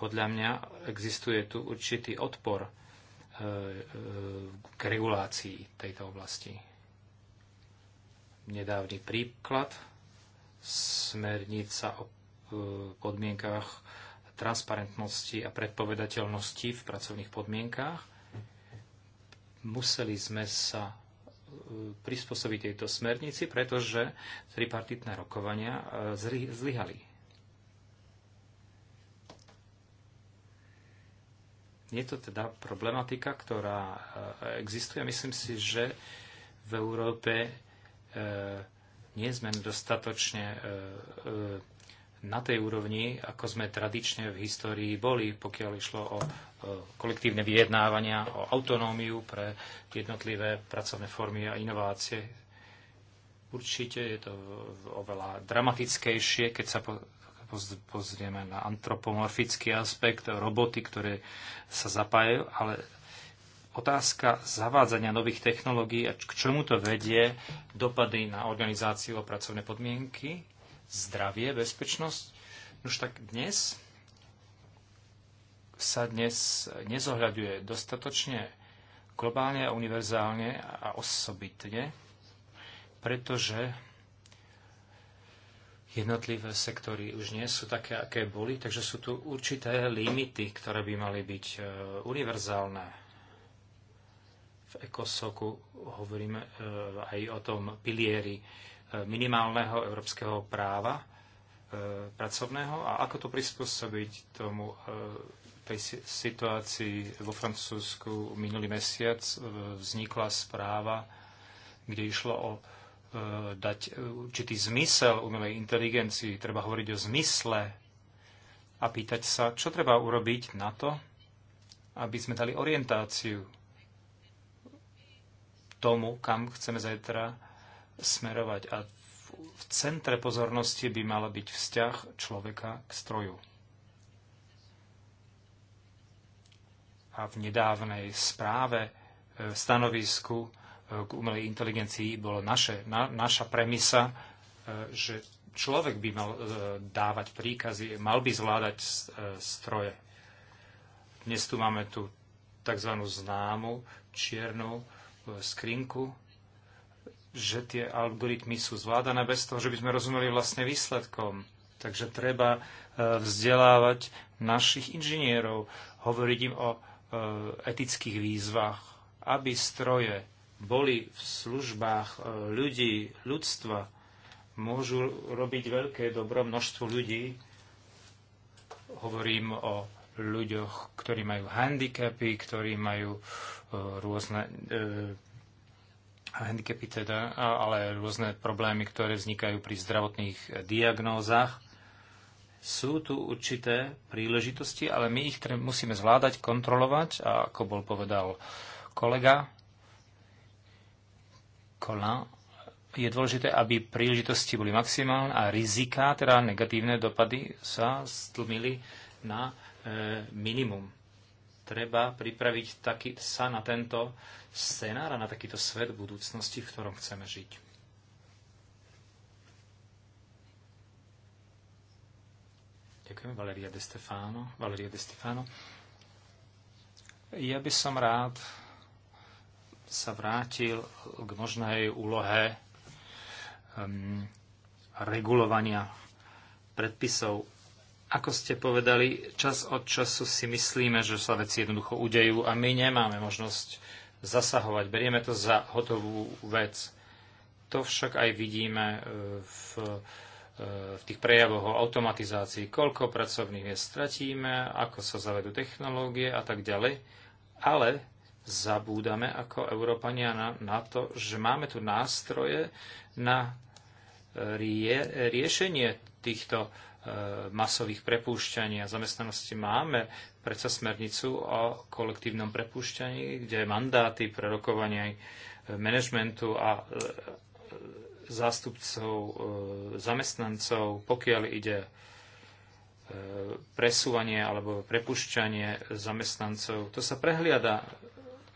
Podľa mňa existuje tu určitý odpor Eh, k regulácii tejto oblasti. Nedávny príklad, smernica o eh, podmienkách transparentnosti a predpovedateľnosti v pracovných podmienkách. Museli sme sa eh, prispôsobiť tejto smernici, pretože tripartitné rokovania zlyhali Je to teda problematika, ktorá e, existuje. Myslím si, že v Európe e, nie sme dostatočne e, na tej úrovni, ako sme tradične v histórii boli, pokiaľ išlo o kolektívne vyjednávania, o autonómiu pre jednotlivé pracovné formy a inovácie. Určite je to oveľa dramatickejšie, keď sa pozrieme na antropomorfický aspekt, roboty, ktoré sa zapájajú, ale otázka zavádzania nových technológií a k čomu to vedie, dopady na organizáciu a pracovné podmienky, zdravie, bezpečnosť. Už tak dnes sa dnes nezohľaduje dostatočne globálne a univerzálne a osobitne, pretože jednotlivé sektory už nie sú také, aké boli, takže sú tu určité limity, ktoré by mali byť e, univerzálne. V Ecosoku hovoríme e, aj o tom pilieri e, minimálneho európskeho práva pracovného a ako to prispôsobiť tomu tej situácii vo Francúzsku minulý mesiac vznikla správa, kde išlo o Eh, dať eh, určitý zmysel umelej inteligencii, treba hovoriť o zmysle a pýtať sa, čo treba urobiť na to, aby sme dali orientáciu tomu, kam chceme zajtra smerovať. A v centre pozornosti by mal byť vzťah človeka k stroju. A v nedávnej správe, v eh, stanovisku, k umelej inteligencii bolo naše, na, naša premisa, e, že človek by mal e, dávať príkazy, mal by zvládať e, stroje. Dnes tu máme tu tzv. známu čiernu skrinku, že tie algoritmy sú zvládané bez toho, že by sme rozumeli vlastne výsledkom. Takže treba vzdelávať našich inžinierov, hovoriť im o etických výzvach, aby stroje boli v službách e, ľudí, ľudstva, môžu robiť veľké dobro množstvo ľudí. Hovorím o ľuďoch, ktorí majú handicapy, ktorí majú e, rôzne e, handicapy teda, ale rôzne problémy, ktoré vznikajú pri zdravotných diagnózach. Sú tu určité príležitosti, ale my ich musíme zvládať, kontrolovať a ako bol povedal kolega, Kola, je dôležité, aby príležitosti boli maximálne a rizika, teda negatívne dopady, sa stlmili na e, minimum. Treba pripraviť taký, sa na tento scenár a na takýto svet v budúcnosti, v ktorom chceme žiť. Ďakujem, Valeria De Stefano. Valeria De Stefano. Ja by som rád sa vrátil k možnej úlohe um, regulovania predpisov. Ako ste povedali, čas od času si myslíme, že sa veci jednoducho udejú a my nemáme možnosť zasahovať. Berieme to za hotovú vec. To však aj vidíme eh, v, eh, v tých prejavoch o automatizácii, koľko pracovných miest stratíme, ako sa zavedú technológie a tak ďalej. Ale zabúdame ako Európania na, na to, že máme tu nástroje na e, rie, riešenie týchto e, masových prepúšťaní a zamestnanosti. Máme predsa smernicu o kolektívnom prepúšťaní, kde mandáty pre rokovanie e, manažmentu a e, zástupcov e, zamestnancov, pokiaľ ide e, presúvanie alebo prepušťanie zamestnancov. To sa prehliada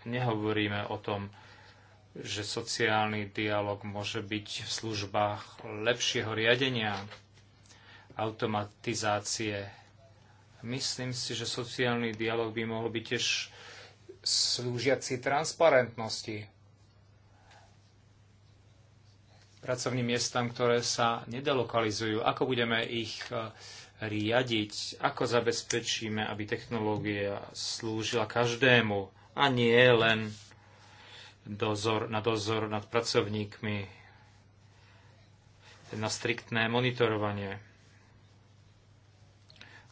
nehovoríme o tom, že sociálny dialog môže byť v službách lepšieho riadenia, automatizácie. Myslím si, že sociálny dialog by mohol byť tiež slúžiaci transparentnosti. Pracovným miestam, ktoré sa nedelokalizujú, ako budeme ich e, riadiť, ako zabezpečíme, aby technológia slúžila každému a nie len dozor, na dozor nad pracovníkmi, na striktné monitorovanie.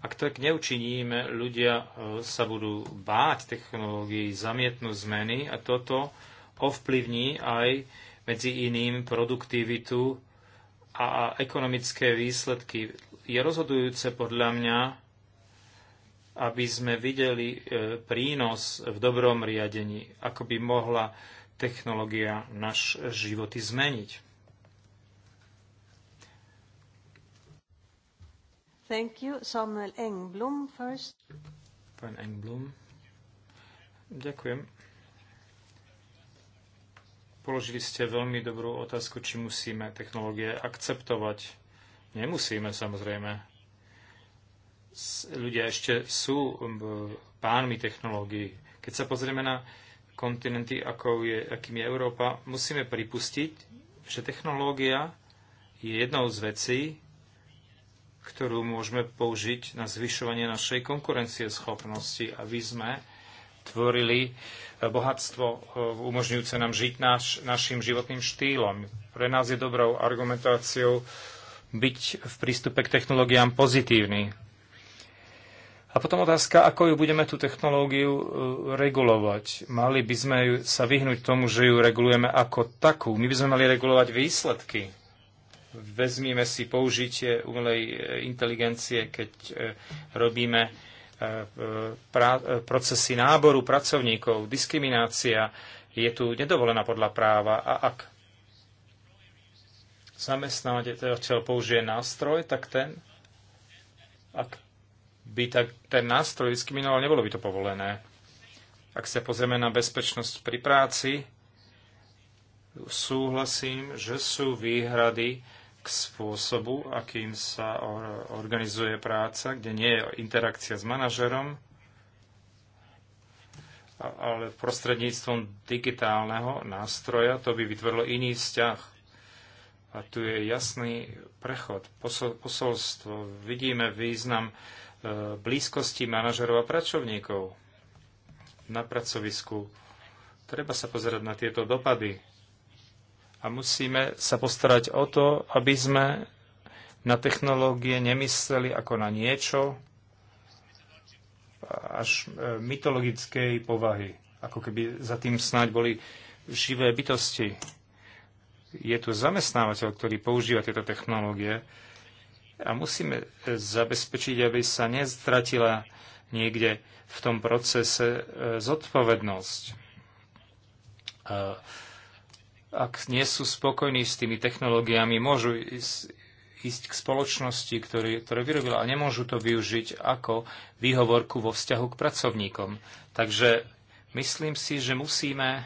Ak tak neučiníme, ľudia e, sa budú báť technológií, zamietnú zmeny a toto ovplyvní aj medzi iným produktivitu a ekonomické výsledky. Je rozhodujúce podľa mňa aby sme videli e, prínos v dobrom riadení, ako by mohla technológia náš životy zmeniť. Thank you. Samuel Engblom first. Pán Engblom. Ďakujem. Položili ste veľmi dobrú otázku, či musíme technológie akceptovať. Nemusíme, samozrejme ľudia ešte sú pánmi technológií. Keď sa pozrieme na kontinenty, ako je, akým je Európa, musíme pripustiť, že technológia je jednou z vecí, ktorú môžeme použiť na zvyšovanie našej konkurencieschopnosti, aby sme tvorili e, bohatstvo e, umožňujúce nám žiť naš, našim životným štýlom. Pre nás je dobrou argumentáciou byť v prístupe k technológiám pozitívny. A potom otázka, ako ju budeme tú technológiu e, regulovať. Mali by sme ju, sa vyhnúť tomu, že ju regulujeme ako takú. My by sme mali regulovať výsledky. Vezmime si použitie umelej e, inteligencie, keď e, robíme procesy náboru pracovníkov, diskriminácia je tu nedovolená podľa práva a ak zamestnávateľ použije nástroj, tak ten ak by tak, ten nástroj diskriminoval, nebolo by to povolené. Ak sa pozrieme na bezpečnosť pri práci, súhlasím, že sú výhrady k spôsobu, akým sa organizuje práca, kde nie je interakcia s manažerom, ale prostredníctvom digitálneho nástroja to by vytvorilo iný vzťah. A tu je jasný prechod, posolstvo. Vidíme význam blízkosti manažerov a pracovníkov na pracovisku. Treba sa pozerať na tieto dopady. A musíme sa postarať o to, aby sme na technológie nemysleli ako na niečo až e, mytologickej povahy. Ako keby za tým snáď boli živé bytosti. Je tu zamestnávateľ, ktorý používa tieto technológie a musíme e, zabezpečiť, aby sa neztratila niekde v tom procese e, zodpovednosť. Ak nie sú spokojní s tými technológiami, môžu ísť, ísť k spoločnosti, ktorý, ktoré vyrobila a nemôžu to využiť ako výhovorku vo vzťahu k pracovníkom. Takže myslím si, že musíme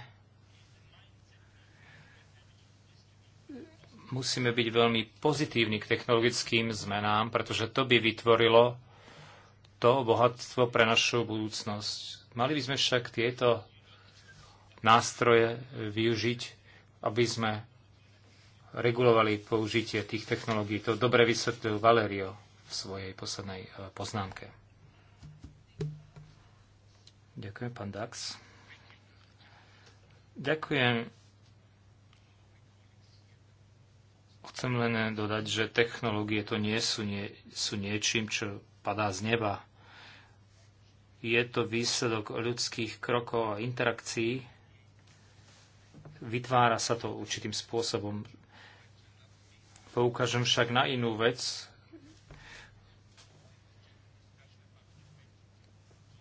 musíme byť veľmi pozitívni k technologickým zmenám, pretože to by vytvorilo to bohatstvo pre našu budúcnosť. Mali by sme však tieto nástroje využiť, aby sme regulovali použitie tých technológií. To dobre vysvetlil Valerio v svojej poslednej e, poznámke. Ďakujem, pán Dax. Ďakujem Chcem len dodať, že technológie to nie sú, nie sú niečím, čo padá z neba. Je to výsledok ľudských krokov a interakcií. Vytvára sa to určitým spôsobom. Poukážem však na inú vec.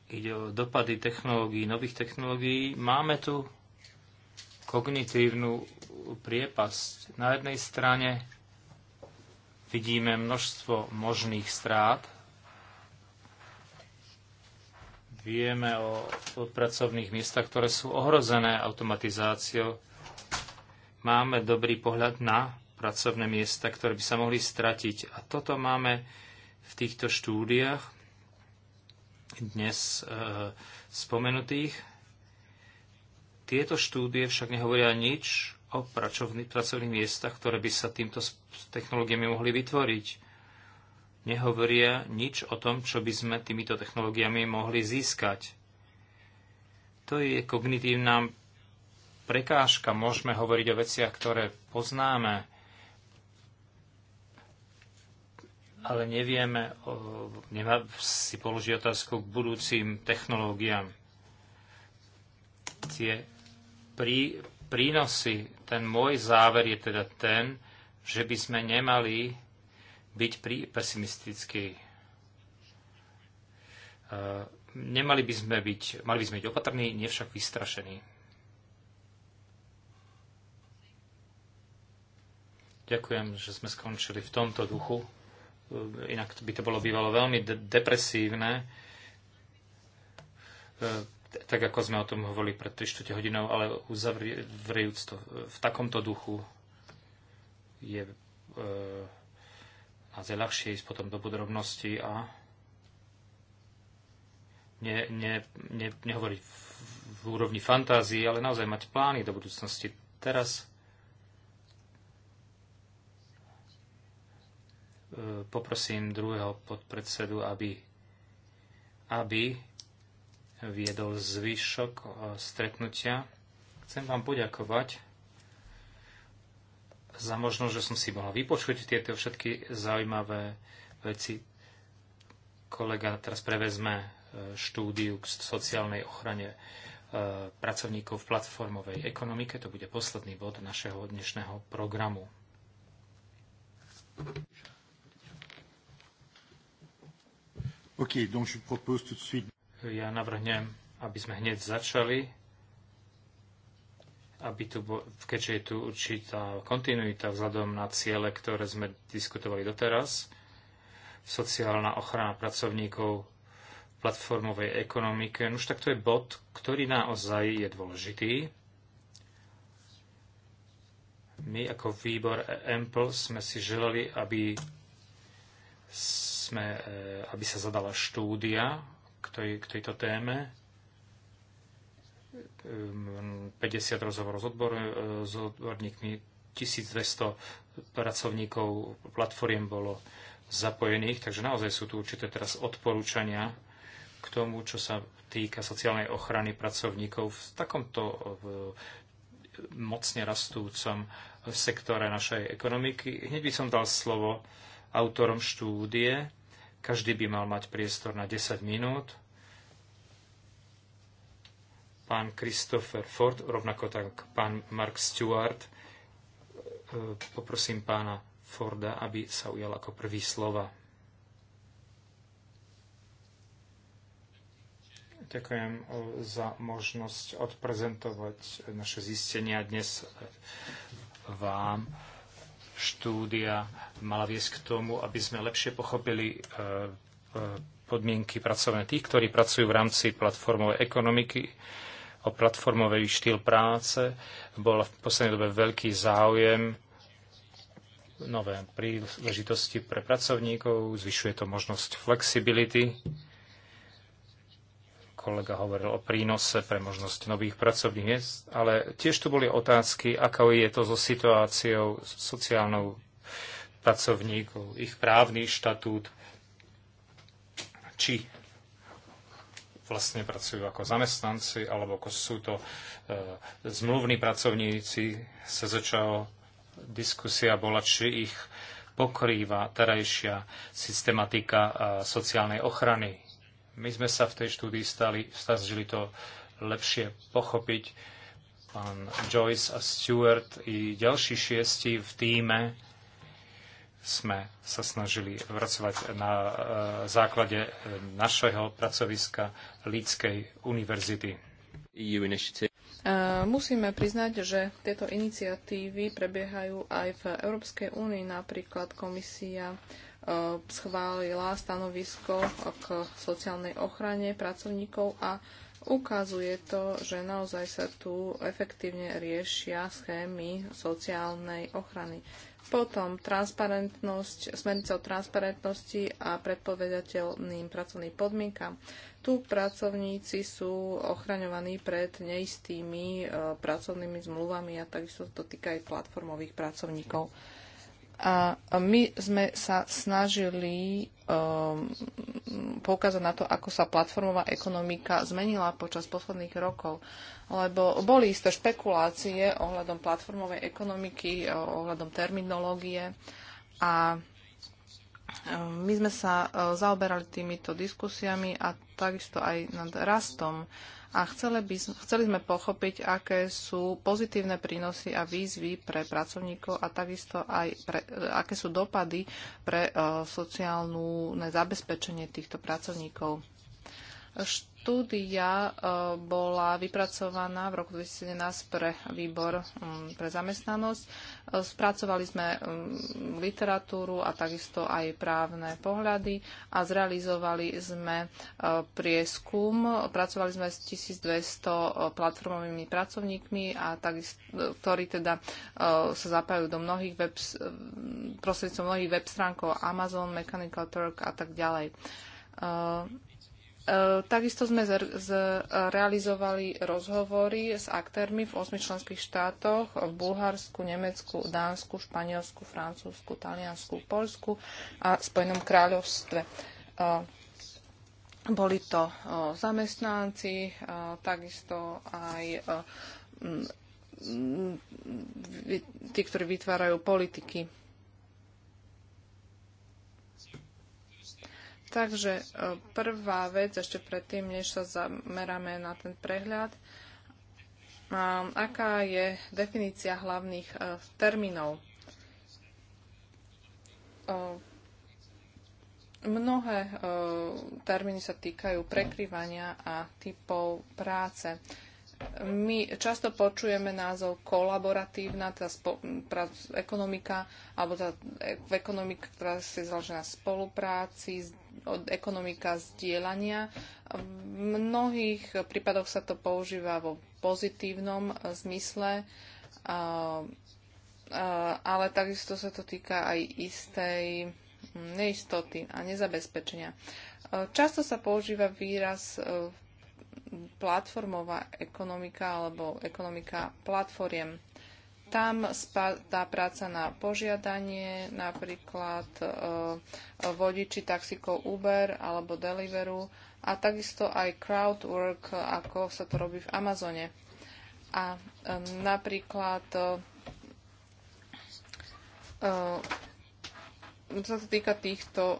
Ide o dopady technológií, nových technológií. Máme tu kognitívnu priepasť. Na jednej strane vidíme množstvo možných strát. Vieme o, pracovných miestach, ktoré sú ohrozené automatizáciou. Máme dobrý pohľad na pracovné miesta, ktoré by sa mohli stratiť. A toto máme v týchto štúdiách dnes e, spomenutých. Tieto štúdie však nehovoria nič o pracovných, pracovných miestach, ktoré by sa týmto technológiami mohli vytvoriť. Nehovoria nič o tom, čo by sme týmito technológiami mohli získať. To je kognitívna prekážka. Môžeme hovoriť o veciach, ktoré poznáme, ale nevieme, nemá si položiť otázku k budúcim technológiám. Tie prí, prínosy ten môj záver je teda ten, že by sme nemali byť pri pesimistickí. E, nemali by sme byť, mali by sme byť opatrní, nevšak vystrašení. Ďakujem, že sme skončili v tomto duchu. E, inak by to bolo bývalo veľmi de- depresívne e, tak ako sme o tom hovorili pred 3 hodinou, ale uzavriejúc to e, v takomto duchu je e, naozaj ľahšie ísť potom do podrobnosti a ne, ne, ne, nehovoriť v, v úrovni fantázií, ale naozaj mať plány do budúcnosti. Teraz e, poprosím druhého podpredsedu, aby, aby viedol zvyšok e, stretnutia. Chcem vám poďakovať za možnosť, že som si mohol vypočuť tieto všetky zaujímavé veci. Kolega teraz prevezme e, štúdiu k sociálnej ochrane e, pracovníkov v platformovej ekonomike. To bude posledný bod našeho dnešného programu. OK, donc je propose tout de suite ja navrhnem, aby sme hneď začali, aby tu, keďže je tu určitá kontinuita vzhľadom na ciele, ktoré sme diskutovali doteraz, sociálna ochrana pracovníkov v platformovej ekonomike, no už tak to je bod, ktorý naozaj je dôležitý. My ako výbor EMPL sme si želali, aby, sme, e, aby sa zadala štúdia tej, k tejto téme. 50 ehm, rozhovorov s, odbor, e, s odborníkmi, 1200 pracovníkov platformiem bolo zapojených, takže naozaj sú tu určité teraz odporúčania k tomu, čo sa týka sociálnej ochrany pracovníkov v takomto v mocne rastúcom sektore našej ekonomiky. Hneď by som dal slovo autorom štúdie. Každý by mal mať priestor na 10 minút pán Christopher Ford, rovnako tak pán Mark Stewart. E, poprosím pána Forda, aby sa ujal ako prvý slova. Ďakujem e, za možnosť odprezentovať naše zistenia dnes vám. Štúdia mala viesť k tomu, aby sme lepšie pochopili e, podmienky pracovné tých, ktorí pracujú v rámci platformovej ekonomiky o platformový štýl práce. Bol v poslednej dobe veľký záujem nové príležitosti pre pracovníkov, zvyšuje to možnosť flexibility. Kolega hovoril o prínose pre možnosť nových pracovných miest, ale tiež tu boli otázky, ako je to so situáciou sociálnou pracovníkov, ich právny štatút, či vlastne pracujú ako zamestnanci, alebo ako sú to e, zmluvní pracovníci sa začala Diskusia bola, či ich pokrýva terajšia systematika e, sociálnej ochrany. My sme sa v tej štúdii stali, snažili to lepšie pochopiť. Pán Joyce a Stewart i ďalší šiesti v týme sme sa snažili vracovať na e, základe našeho pracoviska Lídskej univerzity. E e, musíme priznať, že tieto iniciatívy prebiehajú aj v Európskej únii. Napríklad komisia schválila stanovisko k sociálnej ochrane pracovníkov a ukazuje to, že naozaj sa tu efektívne riešia schémy sociálnej ochrany. Potom transparentnosť, smernica o transparentnosti a predpovedateľným pracovným podmienkam. Tu pracovníci sú ochraňovaní pred neistými e, pracovnými zmluvami a takisto to týka aj platformových pracovníkov. A my sme sa snažili Um, poukázať na to, ako sa platformová ekonomika zmenila počas posledných rokov. Lebo boli isté špekulácie ohľadom platformovej ekonomiky, eh, ohľadom terminológie a eh, my sme sa eh, zaoberali týmito diskusiami a takisto aj nad rastom a chceli, by, chceli sme pochopiť, aké sú pozitívne prínosy a výzvy pre pracovníkov a takisto aj pre, aké sú dopady pre eh, sociálne zabezpečenie týchto pracovníkov. Štúdia e, bola vypracovaná v roku 2017 pre výbor pre zamestnanosť. E, spracovali sme literatúru a takisto aj právne pohľady a zrealizovali sme e, prieskum. Pracovali sme s 1200 platformovými pracovníkmi, a takisto, ktorí teda sa zapájajú do mnohých web, prostredníctvom mnohých web stránkov Amazon, Mechanical Turk a tak ďalej Takisto sme realizovali rozhovory s aktérmi v 8 členských štátoch v Bulharsku, Nemecku, Dánsku, Španielsku, Francúzsku, Taliansku, Polsku a Spojenom kráľovstve. Boli to zamestnanci, takisto aj tí, ktorí vytvárajú politiky Takže e, prvá vec, ešte predtým, než sa zameráme na ten prehľad, aká je definícia hlavných e, termínov. E, mnohé termíny sa týkajú prekryvania a typov práce. My často počujeme názov kolaboratívna, teda spo, pra, ekonomika, alebo teda ekonomika, ktorá je založená spolupráci ekonomika zdieľania. V mnohých prípadoch sa to používa vo pozitívnom zmysle, ale takisto sa to týka aj istej neistoty a nezabezpečenia. Často sa používa výraz e, platformová ekonomika alebo ekonomika platformiem. Tam spadá práca na požiadanie, napríklad e, e vodiči taxikov Uber alebo Deliveroo a takisto aj crowdwork, ako sa to robí v Amazone. A e, napríklad e, e sa to týka týchto e,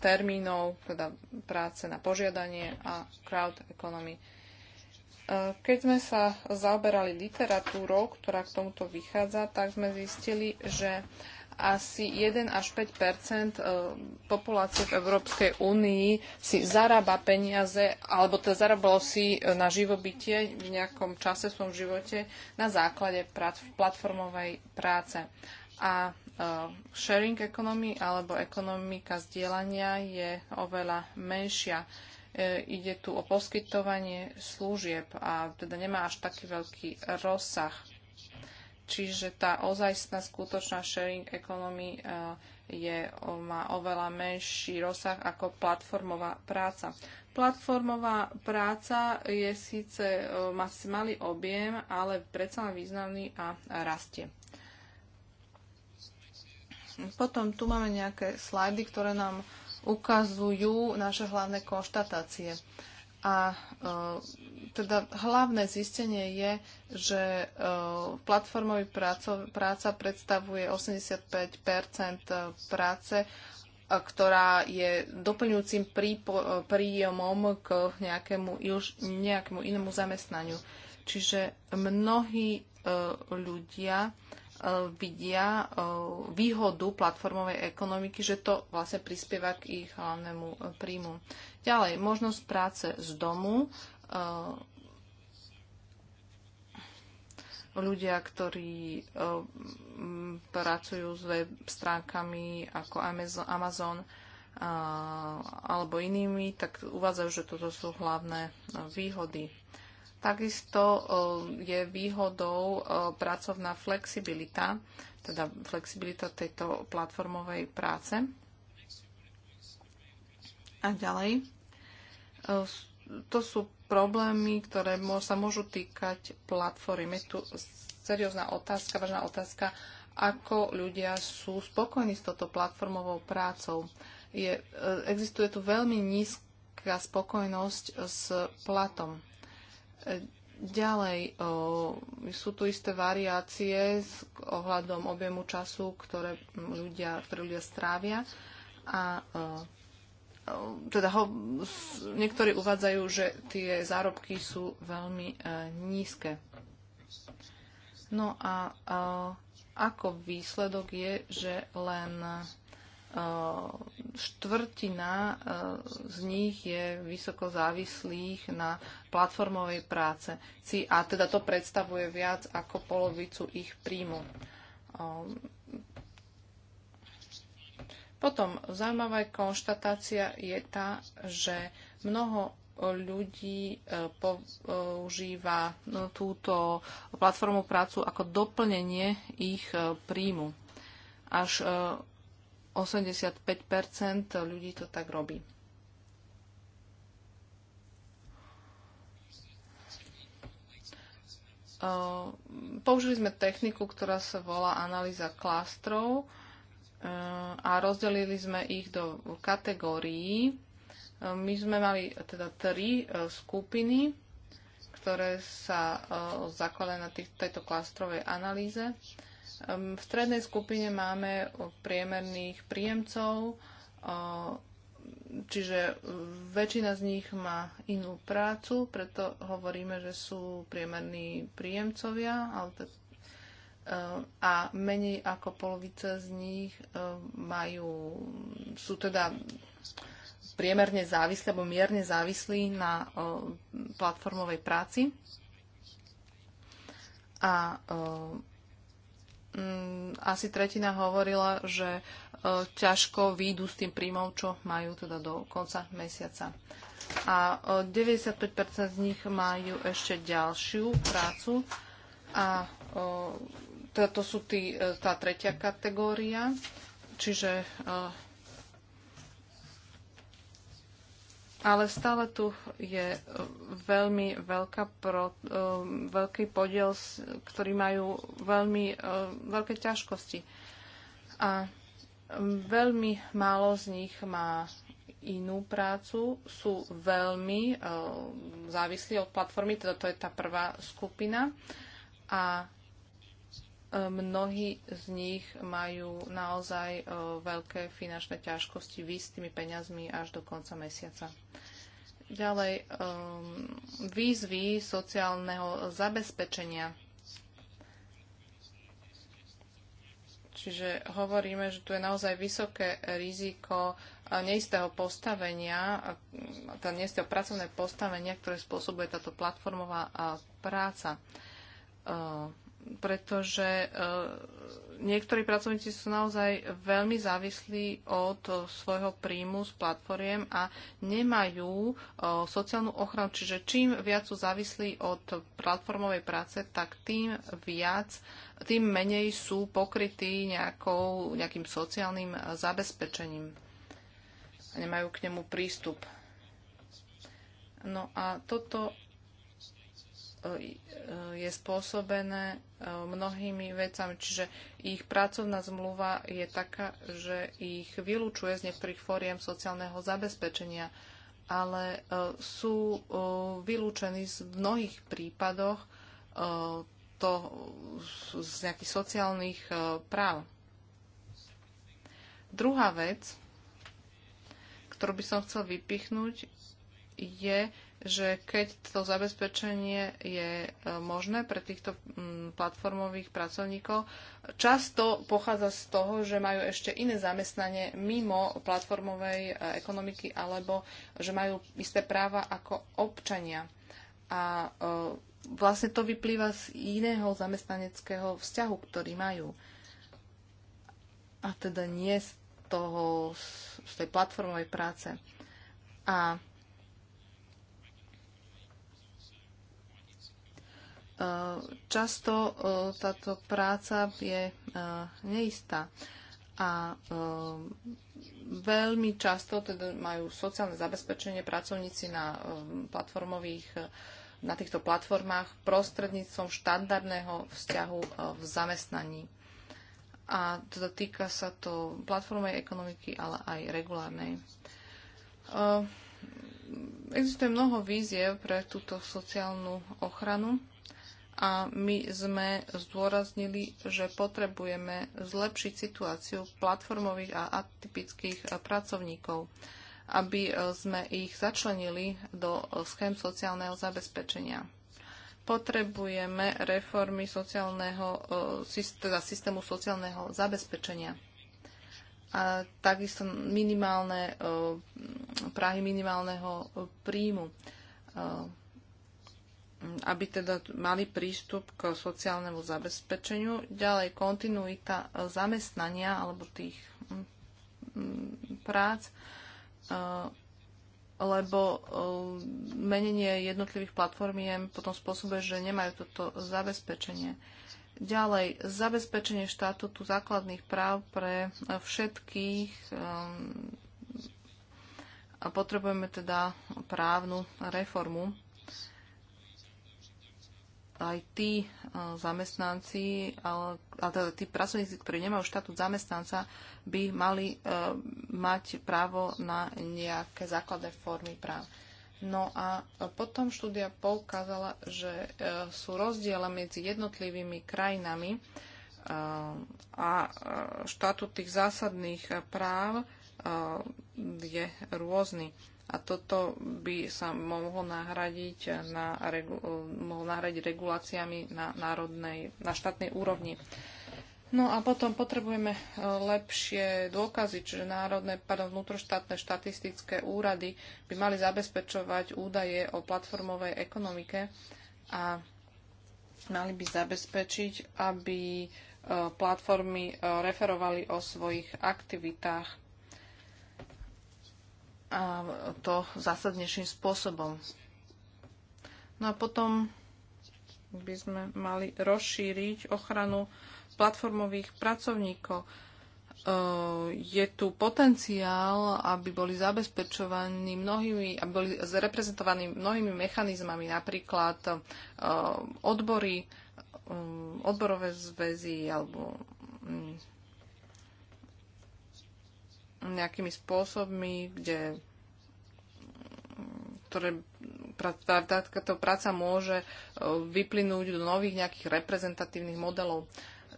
termínov, teda práce na požiadanie a crowd economy. Keď sme sa zaoberali literatúrou, ktorá k tomuto vychádza, tak sme zistili, že asi 1 až 5 e, populácie v Európskej únii si zarába peniaze, alebo to teda zarábalo si e, na živobytie v nejakom čase v svojom živote na základe platformovej práce. A e, sharing economy alebo ekonomika zdieľania je oveľa menšia E, ide tu o poskytovanie služieb a teda nemá až taký veľký rozsah. Čiže tá ozajstná skutočná sharing economy e, je, má oveľa menší rozsah ako platformová práca. Platformová práca je síce, e, má si malý objem, ale predsa len významný a rastie. Potom tu máme nejaké slajdy, ktoré nám uh, ukazujú naše hlavné konštatácie. A e, teda hlavné zistenie je, že e, platformový práca predstavuje 85 e, práce, ktorá je doplňujúcim príjomom k nejakému, nejakému inému zamestnaniu. Čiže mnohí ľudia E, vidia e, výhodu platformovej ekonomiky, že to vlastne prispieva k ich hlavnému e, príjmu. Ďalej, možnosť práce z domu. Ľudia, ktorí pracujú s web stránkami ako Amazon alebo inými, tak uvádzajú, že toto sú hlavné výhody. Takisto e, je výhodou e, pracovná flexibilita, teda flexibilita tejto platformovej práce. A ďalej, e, to sú problémy, ktoré sa môžu týkať platformy. Je tu seriózna otázka, vážna otázka, ako ľudia sú spokojní s touto platformovou prácou. Je, existuje tu veľmi nízka spokojnosť s platom. Ďalej, sú tu isté variácie s ohľadom objemu času, ktoré ľudia, ktoré ľudia strávia. A teda ho, niektorí uvádzajú, že tie zárobky sú veľmi e, nízke. No a ako výsledok je, že len Eh, štvrtina eh, z nich je vysoko závislých na platformovej práce a teda to predstavuje viac ako polovicu ich príjmu. Eh, potom zaujímavá konštatácia je tá, že mnoho ľudí používa no, túto platformu prácu ako doplnenie ich príjmu. Až 85 ľudí to tak robí. Použili sme techniku, ktorá sa volá analýza klástrov a rozdelili sme ich do kategórií. My sme mali teda tri skupiny, ktoré sa zakladajú na tejto klastrovej analýze v strednej skupine máme priemerných príjemcov, čiže väčšina z nich má inú prácu, preto hovoríme, že sú priemerní príjemcovia a menej ako polovica z nich majú, sú teda priemerne závislí alebo mierne závislí na platformovej práci. A Mm, asi tretina hovorila, že e, ťažko výjdu s tým príjmom, čo majú teda do konca mesiaca. A 95% e, z nich majú ešte ďalšiu prácu a e, teda to sú tí, tá tretia kategória, čiže ale stále tu je eh, veľmi veľká pro, eh, veľký podiel, ktorý majú veľmi eh, veľké ťažkosti. A mm, veľmi málo z nich má inú prácu, sú veľmi závislí od platformy, teda to je tá prvá skupina. A mnohí z nich majú naozaj e, veľké finančné ťažkosti výsť s tými peniazmi až do konca mesiaca. Ďalej, e, výzvy sociálneho zabezpečenia. Čiže hovoríme, že tu je naozaj vysoké riziko e, neistého postavenia, tá teda neistého pracovné postavenia, ktoré spôsobuje táto platformová práca pretože e, niektorí pracovníci sú naozaj veľmi závislí od e, svojho príjmu z platformiem a nemajú e, sociálnu ochranu. Čiže čím viac sú závislí od platformovej práce, tak tým viac, tým menej sú pokrytí nejakou, nejakým sociálnym zabezpečením. Nemajú k nemu prístup. No a toto je spôsobené e, mnohými vecami. Čiže ich pracovná zmluva je taká, že ich vylúčuje z niektorých fóriem sociálneho zabezpečenia, ale e, sú e, vylúčení z mnohých prípadoch to z nejakých sociálnych práv. Druhá vec, ktorú by som chcel vypichnúť, je, že keď to zabezpečenie je e, možné pre týchto mm, platformových pracovníkov, často pochádza z toho, že majú ešte iné zamestnanie mimo platformovej e, ekonomiky alebo že majú isté práva ako občania. A e, vlastne to vyplýva z iného zamestnaneckého vzťahu, ktorý majú. A teda nie z, toho, z tej platformovej práce. A Eh, často eh, táto práca je eh, neistá a veľmi často teda majú sociálne zabezpečenie pracovníci na platformových na týchto platformách prostredníctvom štandardného vzťahu v zamestnaní. A teda týka sa to platformovej ekonomiky, ale aj regulárnej. Existuje mnoho víziev pre túto sociálnu ochranu a my sme zdôraznili, že potrebujeme zlepšiť situáciu platformových a atypických pracovníkov, aby sme ich začlenili do schém sociálneho zabezpečenia. Potrebujeme reformy sociálneho, teda systému sociálneho zabezpečenia a takisto minimálne prahy minimálneho príjmu aby teda mali prístup k sociálnemu zabezpečeniu. Ďalej kontinuita e, zamestnania alebo tých prác, e, lebo e, menenie jednotlivých platformiem potom spôsobuje, že nemajú toto zabezpečenie. Ďalej, zabezpečenie štátutu základných práv pre všetkých a potrebujeme teda právnu reformu aj tí e, zamestnanci, ale, ale teda tí pracovníci, ktorí nemajú štatút zamestnanca, by mali e, mať právo na nejaké základné formy práv. No a potom štúdia poukázala, že e, sú rozdiele medzi jednotlivými krajinami a štatút tých zásadných práv je rôzny a toto by sa mohlo nahradiť, na, eh, mohlo nahradiť reguláciami na, národnej, na štátnej úrovni. No a potom potrebujeme eh, lepšie dôkazy, čiže národné, pardon, vnútroštátne štatistické úrady by mali zabezpečovať údaje o platformovej ekonomike a mali by zabezpečiť, aby eh, platformy referovali o svojich aktivitách a to zásadnejším spôsobom. No a potom by sme mali rozšíriť ochranu platformových pracovníkov. E, je tu potenciál, aby boli zabezpečovaní mnohými, aby boli zreprezentovaní mnohými mechanizmami, napríklad e, odbory, e, odborové zväzy alebo mm, nejakými spôsobmi, kde ktoré táto práca môže e, vyplynúť do nových nejakých reprezentatívnych modelov.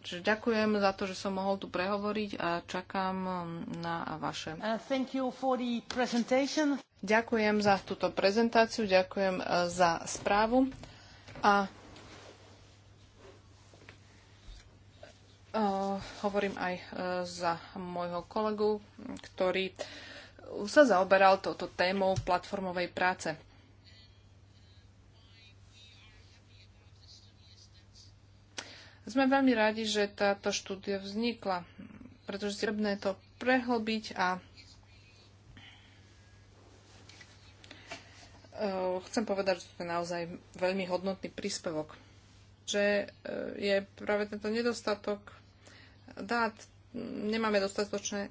Čiže ďakujem za to, že som mohol tu prehovoriť a čakám na vaše. Uh, ďakujem za túto prezentáciu, ďakujem e, za správu a Eh, hovorím aj eh, za môjho kolegu, ktorý sa zaoberal touto témou platformovej práce. Sme veľmi radi, že táto štúdia vznikla, pretože je potrebné to prehlbiť a eh, chcem povedať, že to je naozaj veľmi hodnotný príspevok že je práve tento nedostatok dát, nemáme dostatočné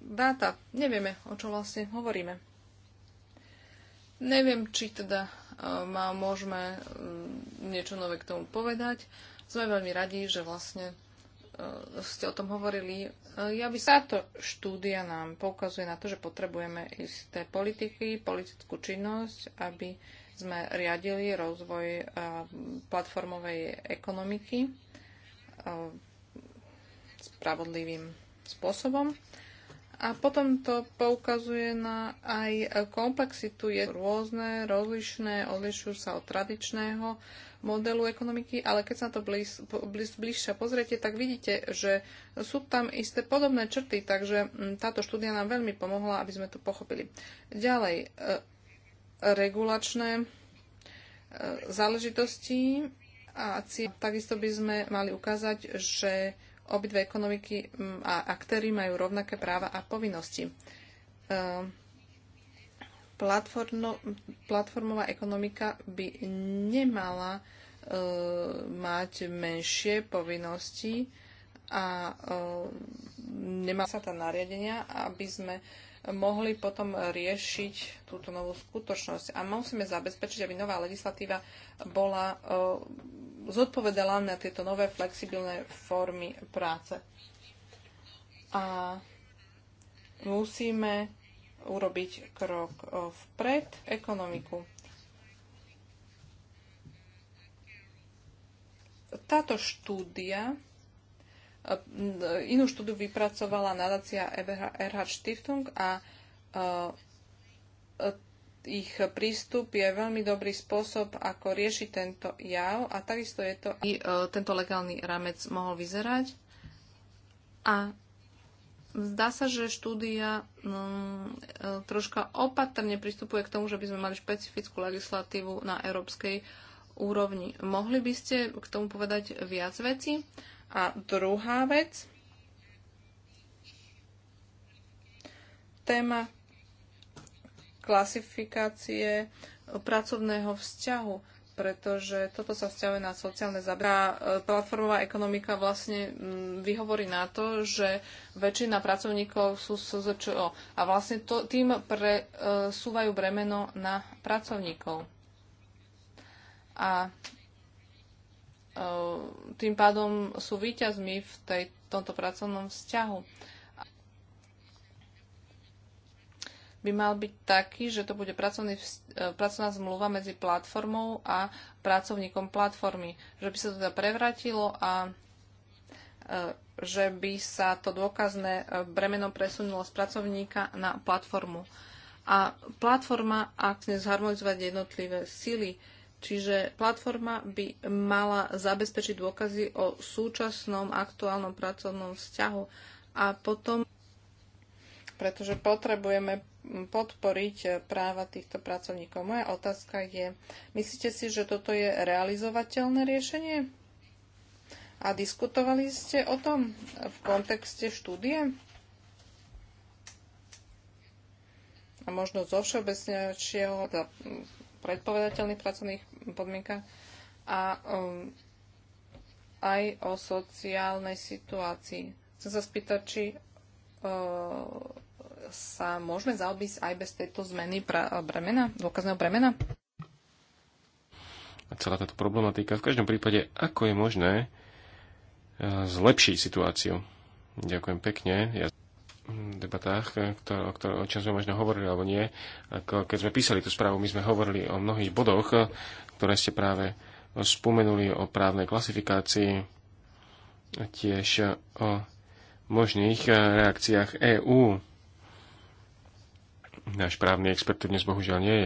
dáta, nevieme, o čo vlastne hovoríme. Neviem, či teda e, má, môžeme e, niečo nové k tomu povedať. Sme veľmi radi, že vlastne e, ste o tom hovorili. Ja by sa táto štúdia nám poukazuje na to, že potrebujeme isté politiky, politickú činnosť, aby sme riadili rozvoj platformovej ekonomiky spravodlivým spôsobom. A potom to poukazuje na aj komplexitu. Je rôzne, rozlišné, odlišujú sa od tradičného modelu ekonomiky, ale keď sa na to blíz, blíz, bližšie pozriete, tak vidíte, že sú tam isté podobné črty, takže mm, táto štúdia nám veľmi pomohla, aby sme to pochopili. Ďalej, e, regulačné e, záležitosti a cíl. Takisto by sme mali ukázať, že obidve ekonomiky a aktéry majú rovnaké práva a povinnosti. Ehm, platformová ekonomika by nemala ehm, mať menšie povinnosti a ehm, nemá sa tam nariadenia, aby sme mohli potom riešiť túto novú skutočnosť. A musíme zabezpečiť, aby nová legislatíva bola, e, zodpovedala na tieto nové flexibilné formy práce. A musíme urobiť krok e, vpred ekonomiku. Táto štúdia inú štúdu vypracovala nadácia Erhard Stiftung a ich prístup je veľmi dobrý spôsob, ako riešiť tento jav a takisto je to, aby e, tento legálny ramec mohol vyzerať. A zdá sa, že štúdia no, troška opatrne pristupuje k tomu, že by sme mali špecifickú legislatívu na európskej úrovni. Mohli by ste k tomu povedať viac vecí? A druhá vec, téma klasifikácie pracovného vzťahu, pretože toto sa vzťahuje na sociálne zabra. E, platformová ekonomika vlastne mm, vyhovorí na to, že väčšina pracovníkov sú SZČO a vlastne to, tým presúvajú e, bremeno na pracovníkov. A Ehm, tým pádom sú výťazmi v tej, tomto pracovnom vzťahu. By mal byť taký, že to bude pracovný, e, pracovná zmluva medzi platformou a pracovníkom platformy. Že by sa to teda prevratilo a e, že by sa to dôkazné e, bremeno presunulo z pracovníka na platformu. A platforma, ak nezharmonizovať zharmonizovať jednotlivé sily, Čiže platforma by mala zabezpečiť dôkazy o súčasnom aktuálnom pracovnom vzťahu a potom, pretože potrebujeme podporiť práva týchto pracovníkov. Moja otázka je, myslíte si, že toto je realizovateľné riešenie? A diskutovali ste o tom v kontexte štúdie? A možno zo všeobecnejšieho predpovedateľných pracovných podmienkach a um, aj o sociálnej situácii. Chcem sa spýtať, či uh, sa môžeme zaobísť aj bez tejto zmeny pra, bremena, dôkazného bremena? A celá táto problematika. V každom prípade, ako je možné uh, zlepšiť situáciu? Ďakujem pekne. Ja debatách, eh, o, o čom sme možno hovorili alebo nie. Ako keď sme písali tú správu, my sme hovorili o mnohých bodoch, eh, ktoré ste práve spomenuli o právnej klasifikácii, tiež eh, o možných reakciách EÚ. Náš právny expert tu dnes bohužiaľ nie je.